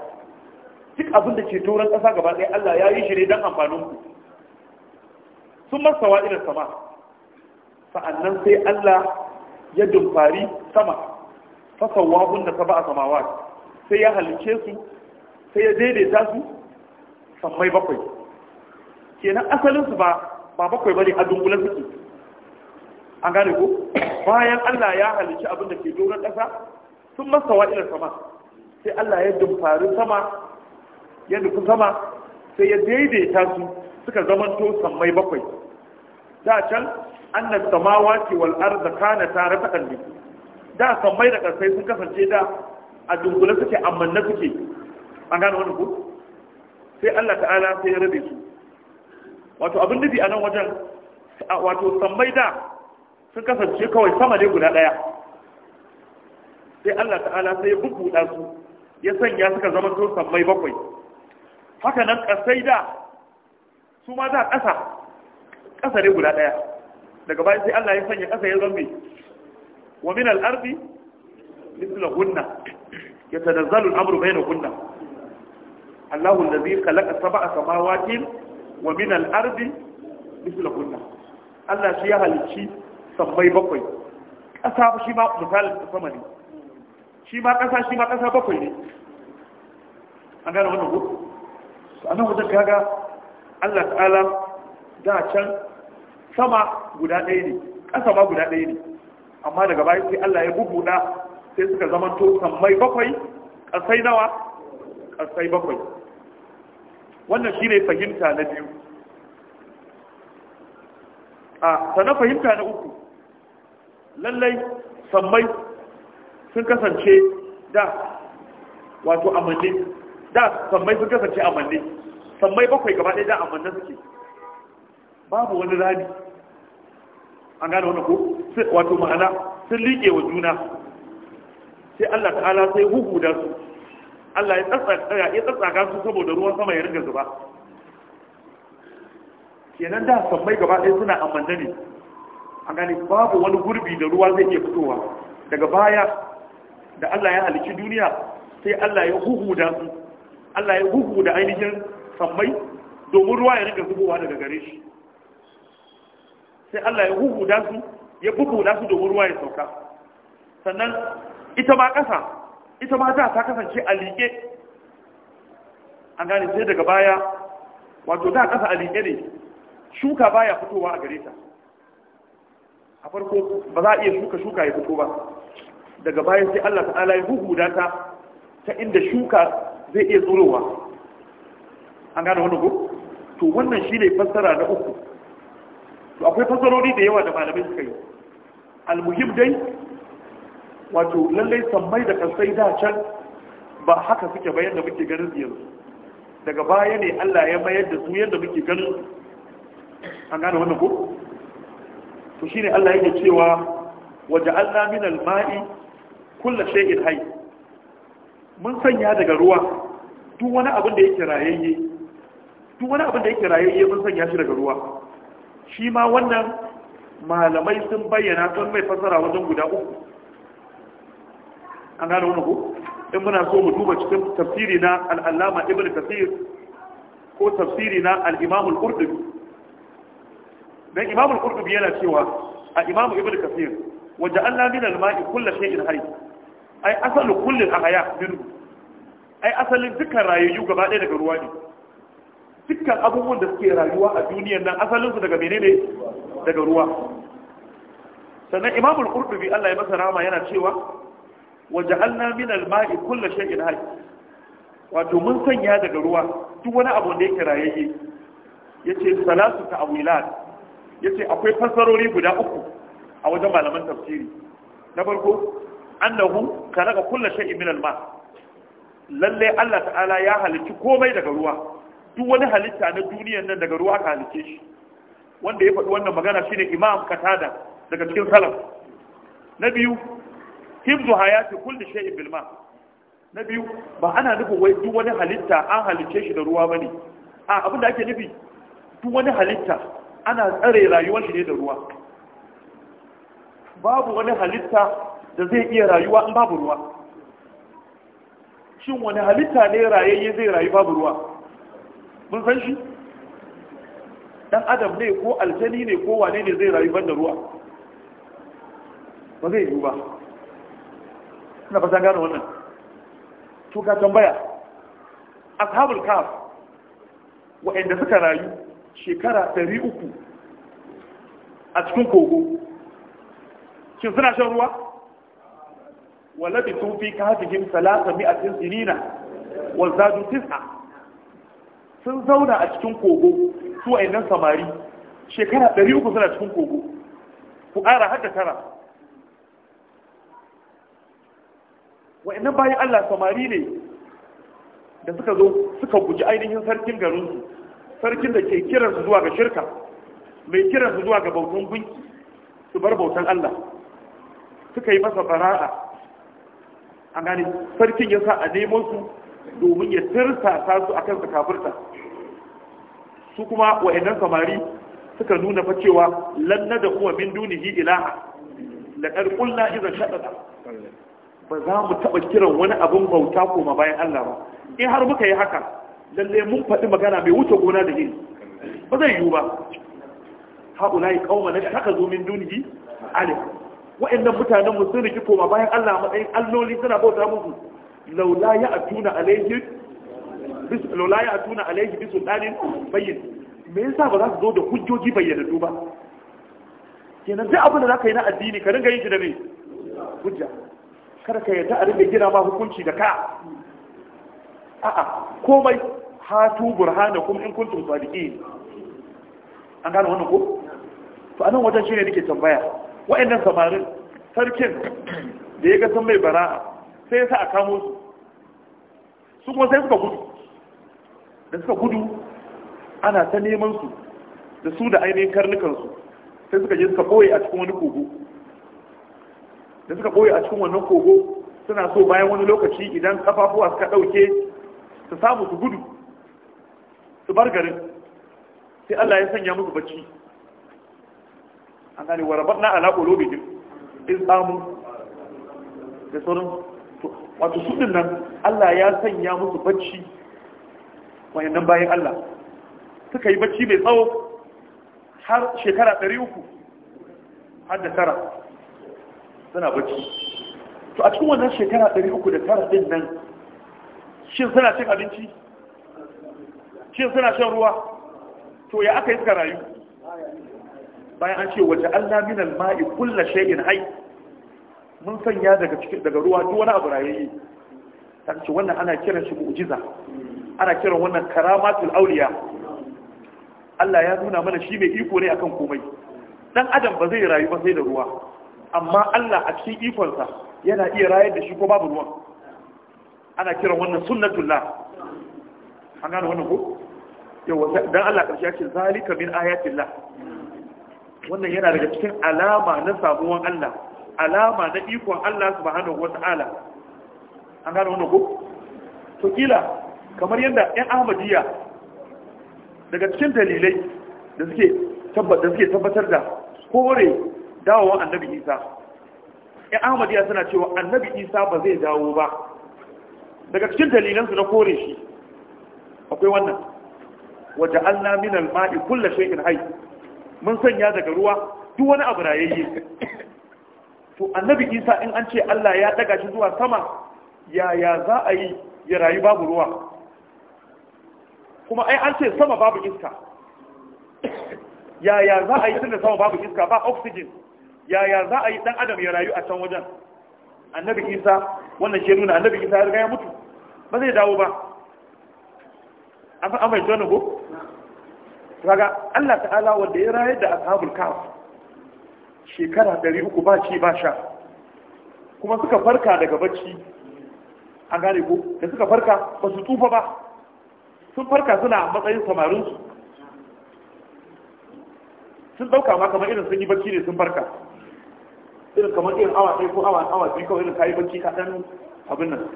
duk abinda ke doron kasa gaba daya Allah ya yi shi ne dan amfanin ku sun masawa ila sama sa'annan sai Allah ya dumfari sama fasawahunna sab'a a samawat sai ya halice su sai ya daidaita su sammai bakwai kenan asalinsu ba ba bakwai bane a dungulan suke an gane ko bayan Allah ya halicci abin da ke doron ƙasa sun masa wa'ila sama sai Allah ya dumfari sama ya nufi sama sai ya daidaita su suka zamanto sammai bakwai da can annas samawati wal arda kana tare ta kalli da sammai da kasai sun kasance da a dungulan suke amanna suke an gane wani ko. sai Allah ta'ala sai ya rabe su wato abin nufi a nan wajen wato sammai da sun kasance kawai sama ne guda ɗaya sai Allah ta'ala sai ya bubbuɗa su ya sanya suka zama to sammai bakwai haka nan ƙasai da su ma da ƙasa ƙasa ne guda ɗaya daga bayan sai Allah ya sanya ƙasa ya zambe wa min al-ardi mithla hunna yatanazzalu al-amru bainahunna Allahu allazi khalaqa sab'a samawati wa min al-ardi mithlahunna Allah shi ya halicci sammai bakwai ƙasa shi ma misalin ta sama ne shi ma ƙasa shi ma ƙasa bakwai ne an gane wannan ku? to anan wajen ga-ga? Allah ta'ala da can sama guda ɗaya ne ƙasa ma guda ɗaya ne amma daga baya sai Allah ya bubuɗa sai suka zama to sammai bakwai ƙasai nawa kasai bakwai wannan shi ne fahimta na biyu a sana fahimta na uku lallai sammai sun kasance da wato amanni da sammai sun kasance amanni sammai bakwai gaba ɗaya da amannin suke babu wani rami an gane wani ko wato ma'ana sun liƙe wa juna sai Allah ta'ala sai huhu da su Allah ya tsatsaka su saboda ruwan sama ya rinka zuba kenan da sammai gaba ɗaya suna amanda ne a gani babu wani gurbi da ruwa zai iya fitowa daga baya da Allah ya halicci duniya sai Allah ya huhu da su Allah ya huhu da ainihin sammai domin ruwa ya rinka zubowa daga gare shi sai Allah ya huhu da su ya bubu da su domin ruwa ya sauka sannan ita ma ƙasa ita ma da ta kasance a liƙe an gane sai daga baya wato da ƙasa a liƙe ne shuka baya fitowa a gare ta a farko ba za a iya shuka shuka ya fito ba daga baya sai Allah ta'ala ya huhuda ta ta inda shuka zai iya tsorowa an gane wannan ko to wannan shine fassara na uku to akwai fassarori da yawa da malamai suka yi almuhim dai wato lallai sammai da kasai da can ba haka suke bayan da muke ganin su yanzu daga baya ne Allah ya mayar da su yadda muke ganin an gane wannan ko to shine Allah yake cewa waja'alna min al-ma'i kullu shay'in hayy mun sanya daga ruwa duk wani abin da yake rayayye duk wani abin da yake rayayye mun sanya shi daga ruwa shi ma wannan malamai sun bayyana sun mai fasara wajen guda uku an gane wani ko in muna so mu duba cikin tafsiri na al'allama ibn tafsir ko tafsiri na alimamul al'urdubi don imamu al'urdubi yana cewa a imamu ibn tafsir wajen an lamin alma'i kulla in hai ai asalin kullin a haya minu ai asalin dukkan rayayyu gaba ɗaya daga ruwa ne dukkan abubuwan da suke rayuwa a duniyan nan asalinsu daga menene daga ruwa sannan imamul al'urdubi allah ya masa rama yana cewa waja'alna min al-ma'i kulla shay'in hayy wato mun sanya daga ruwa duk wani abu da yake rayayye yace salatu Ya yace akwai fasarori guda uku a wajen malaman tafsiri na farko annahu khalaqa kullu shay'in min al-ma lalle Allah ta'ala ya halicci komai daga ruwa duk wani halitta na duniyar nan daga ruwa aka halicce shi wanda ya faɗi wannan magana shine Imam Katada daga cikin salaf na biyu hibdu hayati kulli shay'in bil ma na biyu ba ana nufin wai duk wani halitta an halice shi da ruwa bane a abin da ake nufi duk wani halitta ana tsare rayuwar shi ne da ruwa babu wani halitta da zai iya rayuwa in babu ruwa shin wani halitta ne rayayye zai rayu babu ruwa mun san shi dan adam ne ko aljani ne ko wane ne zai rayu ban da ruwa ba zai yi ba suna fata gane wannan to ka tambaya ashabul kaf wa'anda suka rayu shekara 300 a cikin kogo shin suna shan ruwa wala bi tufi kafihim salasa mi'atin sinina wa zadu tis'a sun zauna a cikin kogo su wa'annan samari shekara 300 suna cikin kogo ku ƙara hadda tara wa'annan bayan Allah samari ne da suka zo suka guji ainihin sarkin garinsu sarkin da ke kiransu zuwa ga shirka mai kiransu zuwa ga bautan gunki su bar bautan Allah suka yi masa fara'a an gani sarkin ya sa a nemo su domin ya tirsasa su akan su kafirta su kuma wa'annan samari suka nuna fa cewa lannada nada huwa min dunihi ilaha laqad qulna idza shadada ba za mu taɓa kiran wani abin bauta koma bayan Allah ba in har muka yi haka lalle mun faɗi magana mai wuce gona da yin ba zai yiwu ba haɓuna yi ƙauma na taka zo min duniyi alif wa'annan mutanen mu sun riki koma bayan Allah matsayin alloli suna bauta musu laula ya atuna alaihi laula ya atuna alayhi bisu dalil bayyin me yasa ba za su zo da hujjoji bayyanannu ba kenan duk abin da zaka yi na addini ka ringa yin shi da me hujja kada ka yarda a rinka gina ma hukunci da ka a'a komai hatu Burhana, kuma in kuntum sadiqin an gane wannan ko to anan wajen shine nake tambaya wa'annan samarin sarkin da ya ga san mai bara'a sai ya sa a kamo su su kuma sai suka gudu da suka gudu ana ta neman su da su da ainihin karnukan su sai suka je suka boye a cikin wani kogo da suka boye a cikin wannan kogo suna so bayan wani lokaci idan kafafuwa suka ɗauke su samu su gudu su bar garin sai Allah ya sanya musu bacci an wa warabar na alaƙo lobidin in samu da sauran wato su nan Allah ya sanya musu bacci wayannan bayan Allah suka yi bacci mai tsawo har shekara 300 har da tara suna bacci to a cikin wannan shekara 309 din nan shin suna cin abinci shin suna shan ruwa to ya aka yi suka rayu bayan an ce waje Allah min al-ma'i kullu shay'in hayy mun sanya daga cikin daga ruwa duk wani abu rayayye Ta ce wannan ana kiran shi mu'jiza ana kiran wannan karamatul auliya Allah ya nuna mana shi mai iko ne akan komai dan adam ba zai rayu ba sai da ruwa amma Allah a cikin ikonsa yana iya rayar da shi ko babu ruwan ana kiran wannan sunnatullah an gano wannan ko wata dan Allah karshe yake zalika min ayatillah wannan yana daga cikin alama na sabuwan Allah alama na ikon Allah subhanahu wata'ala an gano wannan ko to kila kamar yadda ɗan Ahmadiyya daga cikin dalilai da suke tabbatar da kore dawowar annabi isa ya ya suna cewa annabi isa ba zai dawo ba daga cikin dalilansu na kore shi akwai wannan wadda an namin alma'i kulla shekin hai mun sanya daga ruwa duk wani abu rayayye to annabi isa in an ce allah ya daga shi zuwa sama yaya za a yi ya rayu babu ruwa kuma ai an ce sama babu iska yaya za a yi da sama babu iska ba oxygen yaya za a yi dan adam ya rayu a can wajen annabi isa wannan ke nuna annabi isa ya riga ya mutu ba zai dawo ba an fa amai jona ko kaga Allah ta'ala wanda ya rayar da ashabul kahf shekara 300 ba ci ba sha kuma suka farka daga bacci an gane ko da suka farka ba su tsufa ba sun farka suna matsayin samarinsu sun dauka ma kamar irin sun yi bacci ne sun farka irin kamar irin awa ɗaya ko awa awa biyu kawai irin kayi bacci ka ɗan abin nan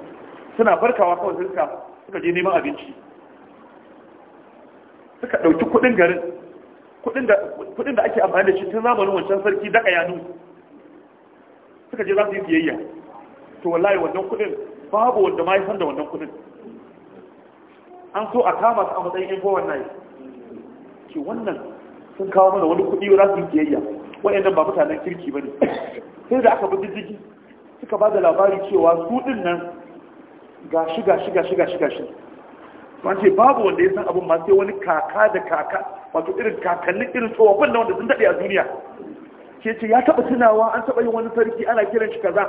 suna farkawa kawai sai suka suka je neman abinci suka ɗauki kuɗin garin kuɗin da ake amfani da shi tun zamanin wancan sarki daga yanu suka je za su yi biyayya to wallahi wannan kuɗin babu wanda ma ya san da wannan kuɗin an so a kama su a matsayin yan kowanne ki wannan sun kawo mana wani kuɗi za su yi biyayya wayannan ba mutanen kirki ba ne sai da aka bi diddigi suka ba da labari cewa su din nan gashi gashi gashi gashi gashi ba ce babu wanda ya san abin ma sai wani kaka da kaka wato irin kakannin irin tsofaffin da wanda sun daɗe a duniya ke ce ya taɓa tunawa an taɓa yin wani sarki ana kiran shi kaza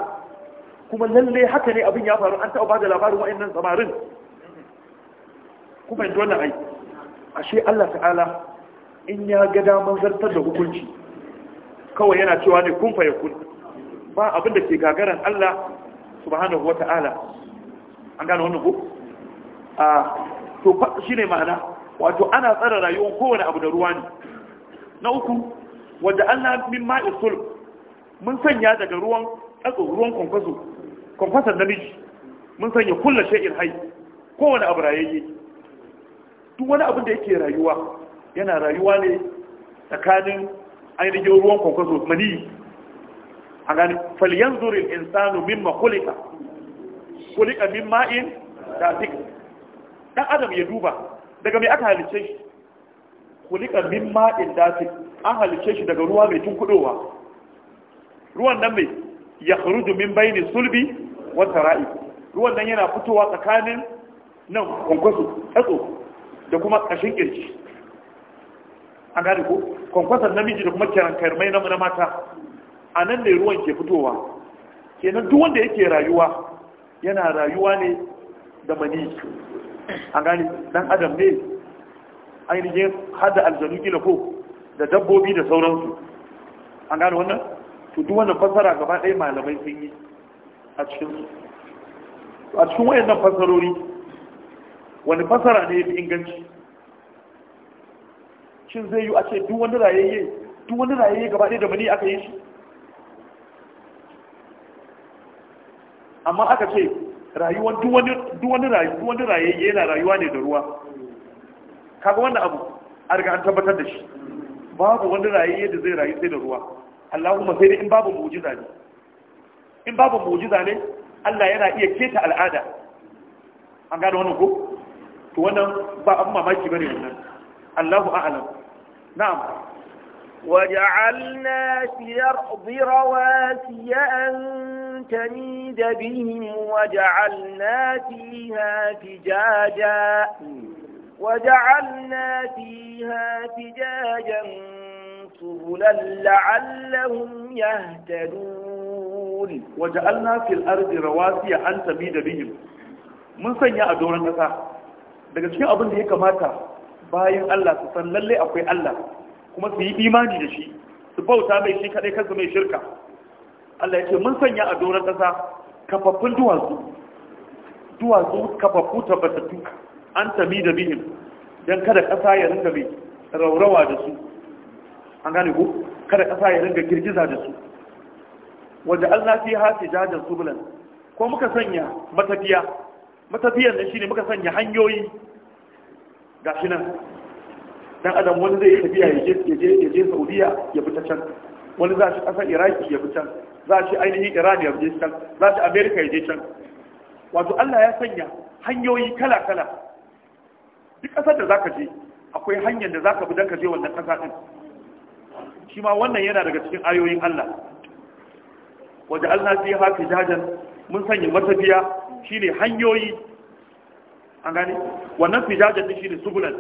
kuma lalle haka ne abin ya faru an taɓa ba da labarin wa'annan samarin kuma yanzu wannan ai ashe Allah ta'ala in ya ga damar zartar da hukunci kawai yana cewa ne kun fa yakun ba abin da ke gagaran Allah subhanahu wata'ala an gane wannan ko a to shine ma'ana wato ana tsara rayuwar kowane abu da ruwa ne na uku wanda Allah min ma'i sulb mun sanya daga ruwan tsatso ruwan kwankwaso kwankwasan namiji mun sanya kullu shay'in hayy kowane abu rayayye duk wani abin da yake rayuwa yana rayuwa ne tsakanin ainihin ruwan kwankwaso mani a gani falyan zurin insanu min kulika kulika min ma'in da dik dan adam ya duba daga mai aka halice shi kulika min ma'in da dik an halice shi daga ruwa mai tunkudowa ruwan nan mai ya kharuju min bayni sulbi wa tara'i ruwan nan yana fitowa tsakanin nan kwankwaso tsatso da kuma ƙashin kirji an gane ko kwankwasan namiji da kuma kirankarmai na mata a nan ne ruwan ke fitowa kenan duk wanda yake rayuwa yana rayuwa ne da mani an gane dan adam ne ainihin hada aljanu gina ko da dabbobi da sauransu an gane wannan to duk wannan fasara gaba ɗaya malamai sun yi a cikin a cikin wayannan fasarori wani fasara ne ya fi inganci shin zai yi a ce duk wani rayayye duk wani rayayye gaba ɗaya da mani aka yi shi amma aka ce rayuwar duk wani rayayye yana rayuwa ne da ruwa kaga wannan abu a riga an tabbatar da shi babu wani rayayye da zai rayu sai da ruwa Allahumma sai dai in babu mu'jiza ne in babu mu'jiza ne Allah yana iya keta al'ada an gane wannan ko to wannan ba abu mamaki bane wannan Allahu a'lam نعم وجعلنا في الأرض رواسي أن تميد بهم وجعلنا فيها فجاجا وجعلنا فيها فجاجا سبلا لعلهم يهتدون وجعلنا في الأرض رواسي أن تميد بهم من سنة أدورا كذا daga cikin abin da ya kamata bayan Allah su san lalle akwai Allah kuma su yi imani da shi su bauta mai shi kadai kansu mai shirka Allah ya ce mun sanya a doron ƙasa kafaffun duwatsu duwatsu kafaffu tabbatattu an tami da bihin don kada ƙasa ya ringa mai raurawa da su an gane ko kada ƙasa ya ringa girgiza da su wanda Allah fi hasi jajan subulan ko muka sanya matafiya matafiyan nan ne muka sanya hanyoyi gashi nan dan adam wani zai tafiya ya je ya je saudiya ya fita can wani za shi ƙasar iraki ya fita can za shi ainihin iran ya je can za shi amerika ya je can wato allah ya sanya hanyoyi kala-kala duk ƙasar da za ka je akwai hanyar da zaka ka bi don ka je wannan ƙasa din shi ma wannan yana daga cikin ayoyin allah wajen allah fi hafi jajen mun sanya matafiya shine hanyoyi an gane wannan fijajen din shine subulan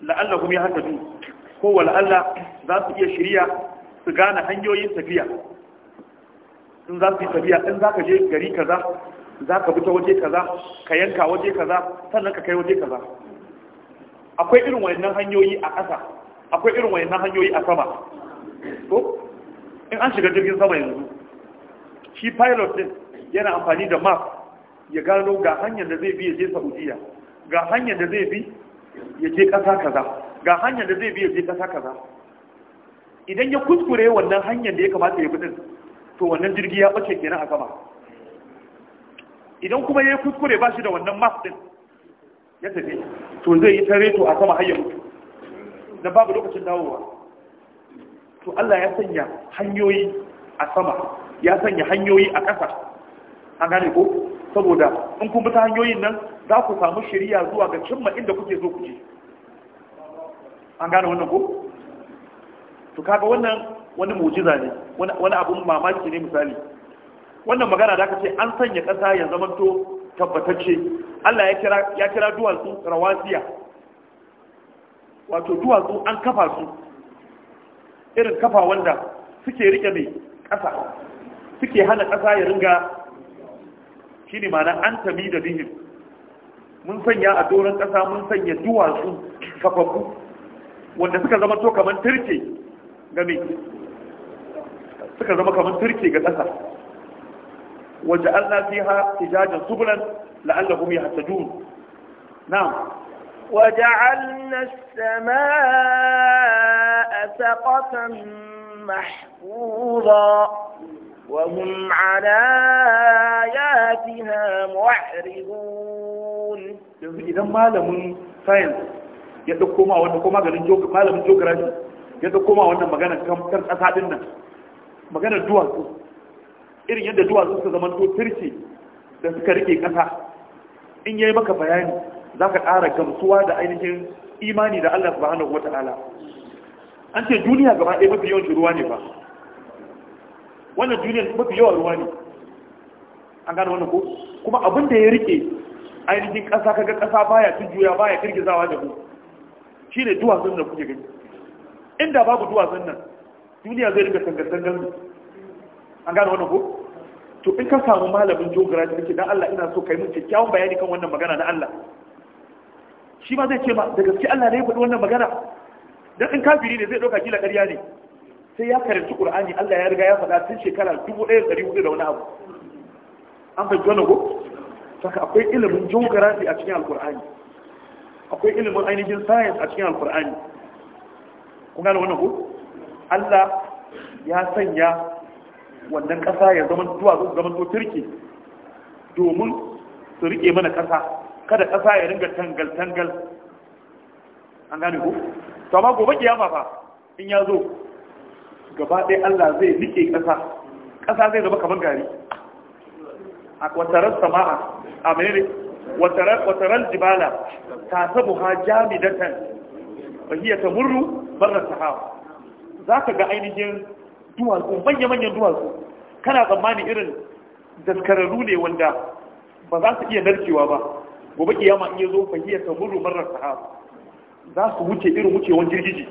ya yahtadun ko wala la'alla za su iya shirya su gane hanyoyin tafiya in za su yi tafiya in za ka je gari kaza za ka bi waje kaza ka yanka waje kaza sannan ka kai waje kaza akwai irin wannan hanyoyi a ƙasa akwai irin wannan hanyoyi a sama ko in an shiga jirgin sama yanzu shi pilot din yana amfani da map ya gano ga hanyar da zai bi ya je saudiya ga hanyar da zai bi ya je kasa kaza ga hanyar da zai bi ya je kasa kaza idan ya kuskure wannan hanyar da ya kamata ya bi din to wannan jirgi ya bace kenan a sama idan kuma ya kuskure ba shi da wannan map din ya tafi to zai yi tare to a sama har ya mutu dan babu lokacin dawowa to Allah ya sanya hanyoyi a sama ya sanya hanyoyi a ƙasa an gane ko saboda in kun bi ta hanyoyin nan za ku samu shiriya zuwa ga cimma inda kuke zo ku je an gane wannan ko to kaga wannan wani mujiza ne wani abun mamaki ne misali wannan magana da aka ce an sanya ƙasa ya zamanto tabbatacce Allah ya kira ya kira duwatsu rawasiya wato duwatsu an kafa su irin kafa wanda suke rike mai ƙasa suke hana ƙasa ya ringa shine ma'ana an tami da bihim mun sanya a doron ƙasa mun sanya duwatsu kafafu wanda suka zama to kamar turke game suka zama kamar turke ga ƙasa waje Allah fi ha tijajan subulan la'allahum yahtajun na'am وجعلنا السماء سقفا محفوظا وهم على آياتها معرضون إذا ما لم ساينس ya ɗauko ma wanda ko maganin malamin geography ya ɗauko ma wannan magana kan ƙasa ɗin nan maganar duwatsu irin yadda duwatsu suka zama to turki da suka rike kasa in yayi maka bayani za ka ƙara gamsuwa da ainihin imani da Allah subhanahu wata'ala an ce duniya gaba ɗaya mafi yawan ruwa ne ba wannan duniyar mafi yawa ruwa ne an gane wannan ko kuma abin da ya rike ainihin ƙasa kaga ƙasa baya tun juya, baya girgizawa da ku shi ne duwatsun da kuke gani inda babu duwatsun nan duniya zai rika sangar-sangar an gane wannan ko to in ka samu malamin geography kake dan Allah ina so kai mun kyakkyawan bayani kan wannan magana na Allah shi ma zai ce ma da gaske Allah ne ya faɗi wannan magana dan in kafiri ne zai ɗauka kila ƙarya ne sai ya karanci ƙur'ani Allah ya riga ya faɗa tun shekara ɗaya da wani abu an fahimci wannan ko saka akwai ilimin jogarafi a cikin Alƙur'ani. akwai ilimin ainihin science a cikin alqur'ani kun gane wannan ko Allah ya sanya wannan ƙasa ya zama zuwa zuwa zaman to turki domin su riƙe mana ƙasa kada ƙasa ya ringa tangal-tangal an gane ko, to amma gobe kiyama fa in ya zo gaba ɗaya Allah zai nike ƙasa ƙasa zai zama kamar gari a kwatarar sama'a a mere kwatarar jibala ta sabu ha jami'atan bahiyar ta murru barar hawa za ka ga ainihin duwatsu manya-manyan duwatsu kana tsammani irin daskararru ne wanda ba za su iya narkewa ba gobe kiyama iya zo fahiyar ta murru barar hawa za su wuce irin wucewan jirgiji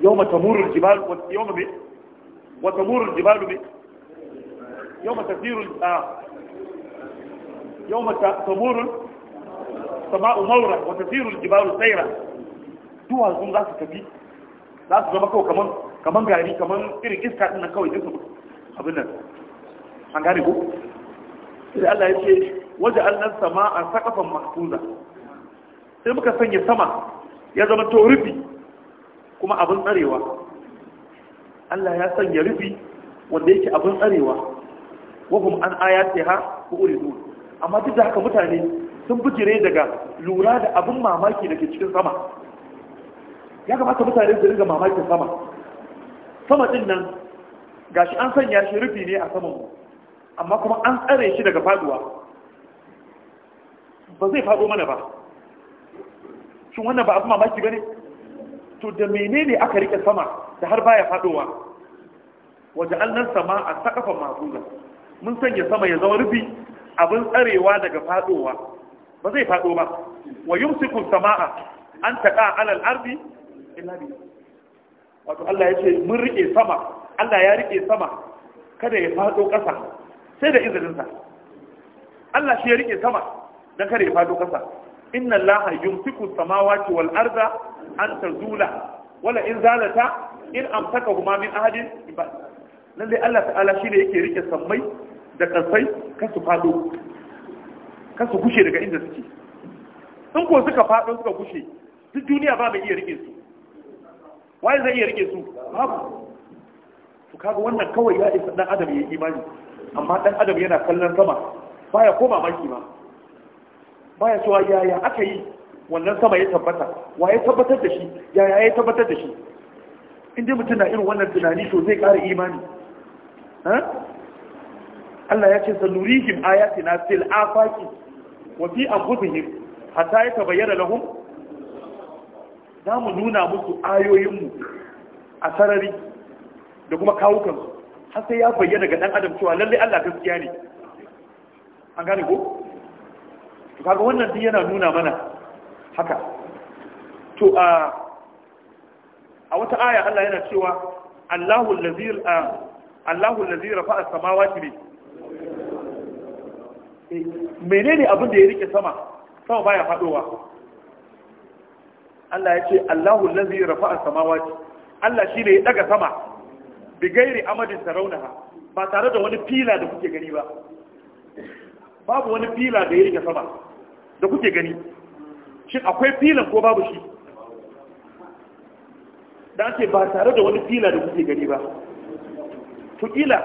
yawma tamurul jibal wa yawma bi wa tamurul bi yawma tasirul a yawma tamurul sama'u mawra wa tasirul jibal sayra duwa sun za su tafi za su zama kawai kaman kaman gari kaman irin iska din nan kawai din su abin nan an gane ko sai Allah ya ce waje annan sama a mahfuza sai muka sanya sama ya zama to kuma abin tsarewa Allah ya sanya rufi wanda yake abin tsarewa wahum an ayatiha uridun amma duk da haka mutane sun bijire daga lura da abin mamaki da ke cikin sama ya kamata mutane su riga mamakin sama sama din nan gashi an sanya shi rufi ne a saman amma kuma an tsare shi daga faduwa ba zai faɗo mana ba shin wannan ba abin mamaki ba ne to da menene aka rike sama da har baya fadowa waje annan sama a sakafan mafuza mun sanya sama ya zama rufi abin tsarewa daga fadowa ba zai fado ba wa yumsiku sama'a an taqa alal ardi illa bi wato Allah ya ce mun rike sama Allah ya rike sama kada ya fado kasa sai da izinin sa Allah shi ya rike sama dan kada ya fado kasa inna allaha yumsiku samawati wal arda an tazula wala in zalata in amsakahuma min ahadin lalle Allah ta'ala shine yake rike sammai da kasai kan su fado kan su daga inda suke in ko suka fado suka gushe duk duniya ba mai iya rike su waye zai iya rike su babu to kaga wannan kawai ya isa dan adam yayi imani amma ɗan adam yana kallon sama baya ko mamaki ma baya cewa yaya aka yi wannan sama ya tabbata wa ya tabbatar da shi yaya ya tabbatar da shi in dai mutum na irin wannan tunani to zai kara imani Allah ya ce sanurihim ayatina fil afaki wa fi anfusihim hatta tabayyana lahum zamu nuna musu ayoyinmu a sarari da kuma kawukan har sai ya bayyana ga dan adam cewa lalle Allah gaskiya ne an gane ko kaga wannan din yana nuna mana haka to a a wata aya Allah yana cewa Allahu allazi Allahu allazi rafa'a samawati bi eh, menene abin da ya rike sama sama baya fadowa Allah ya ce Allahu allazi rafa'a samawati Allah shi ne ya daga sama bi gairi amadin tarawnaha ba tare da wani fila da kuke gani ba babu wani fila da ya rike sama da kuke gani shi akwai filan ko babu shi da ce ba tare da wani fila da kuke gani ba to kila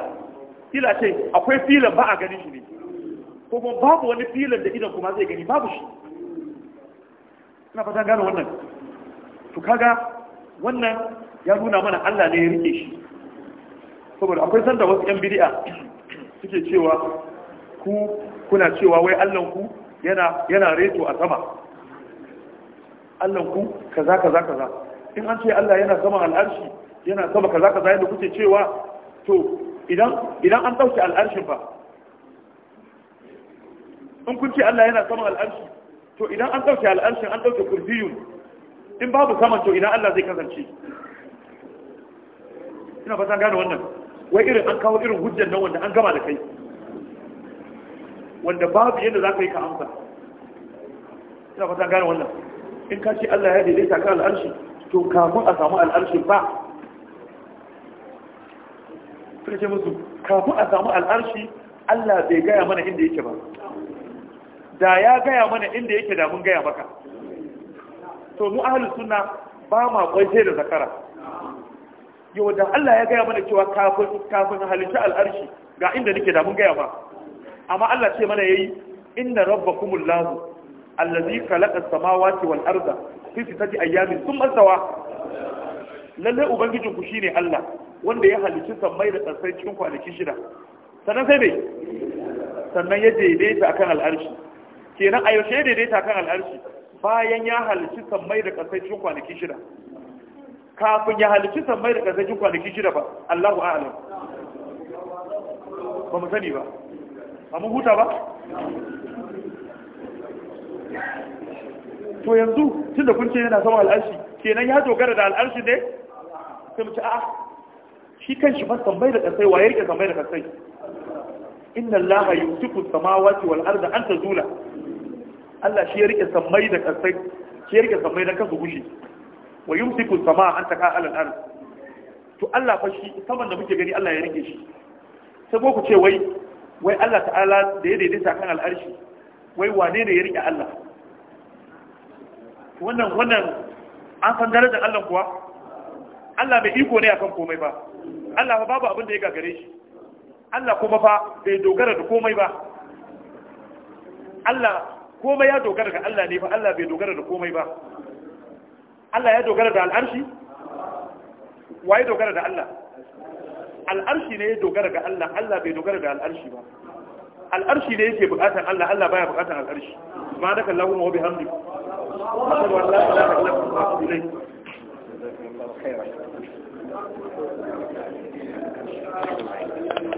fila ce akwai filan ba a ganin shi ne kuma babu wani filan da idan kuma zai gani babu shi na fata gane wannan to kaga wannan ya nuna mana Allah ne ya rike shi saboda akwai sanda wasu yan bid'a suke cewa ku kuna cewa wai Allah ku yana reto a sama Allah ku kaza kaza kaza in an ce Allah yana sama al'arshi yana sama kaza kaza yadda kuke cewa to idan an ɗauke al'arshin ba, in kun ce Allah yana sama al'arshi to idan an ɗauke al'arshin an ɗauke kursiyun in babu saman to idan Allah zai kasance ina fatan gane wannan wai irin an kawo irin hujjan nan wanda an gama da kai wanda babu yadda za ka yi ka amsa ina fata gane wannan in ka ce Allah ya daidaita ka al'arshi to kafin a samu al'arshi ba suka ce musu kafin a samu al'arshi Allah bai gaya mana inda yake ba da ya gaya mana inda yake da mun gaya maka to mu ahlus suna ba ma kwaice da zakara yau da Allah ya gaya mana cewa kafin kafin halitta al'arshi ga inda nake da mun gaya ba amma Allah ce mana yayi inna rabbakumul lahu allazi khalaqa as-samawati wal arda fi sittati ayyamin thumma stawa lalle ubangijin ku shine Allah wanda ya halicci sammai da tsarsai cikin kwanaki shida sannan sai bai sannan ya daidaita akan al'arshi kenan a yaushe ya daidaita akan al'arshi bayan ya halicci sammai da tsarsai cikin kwanaki shida kafin ya halicci sammai da tsarsai cikin kwanaki shida ba Allahu a'lam ba mu sani ba ba mun huta ba to yanzu tun da kun ce yana sama al'arshi kenan ya dogara da al'arshi ne sai mu ci a'a shi kan shi ban tambayi da kasai ya rike tambayi da kasai inna allaha yumsiku samawati wal arda an tazula Allah shi ya rike samai da kasai shi ya rike samai dan kasu gushi wa yumsiku samaa an taka alal ard to Allah fa shi saman da muke gani Allah ya rike shi sai ko ku ce wai wai Allah ta'ala da ya daidaita kan al'arshi wai wane ne ya rike Allah wannan wannan an san darajar Allah kuwa Allah mai iko ne akan komai ba Allah babu abin da ya gagare shi Allah kuma fa bai dogara da komai ba Allah komai ya dogara ga Allah ne fa Allah bai dogara da komai ba Allah ya dogara da al'arshi waye dogara da Allah al'arshi ne ya dogara ga Allah Allah bai dogara ga al'arshi ba al'arshi ne yake bukatan Allah Allah baya bukatan al'arshi subhanaka allahumma wa bihamdika ashhadu an la ilaha illa anta astaghfiruka wa atubu ilayk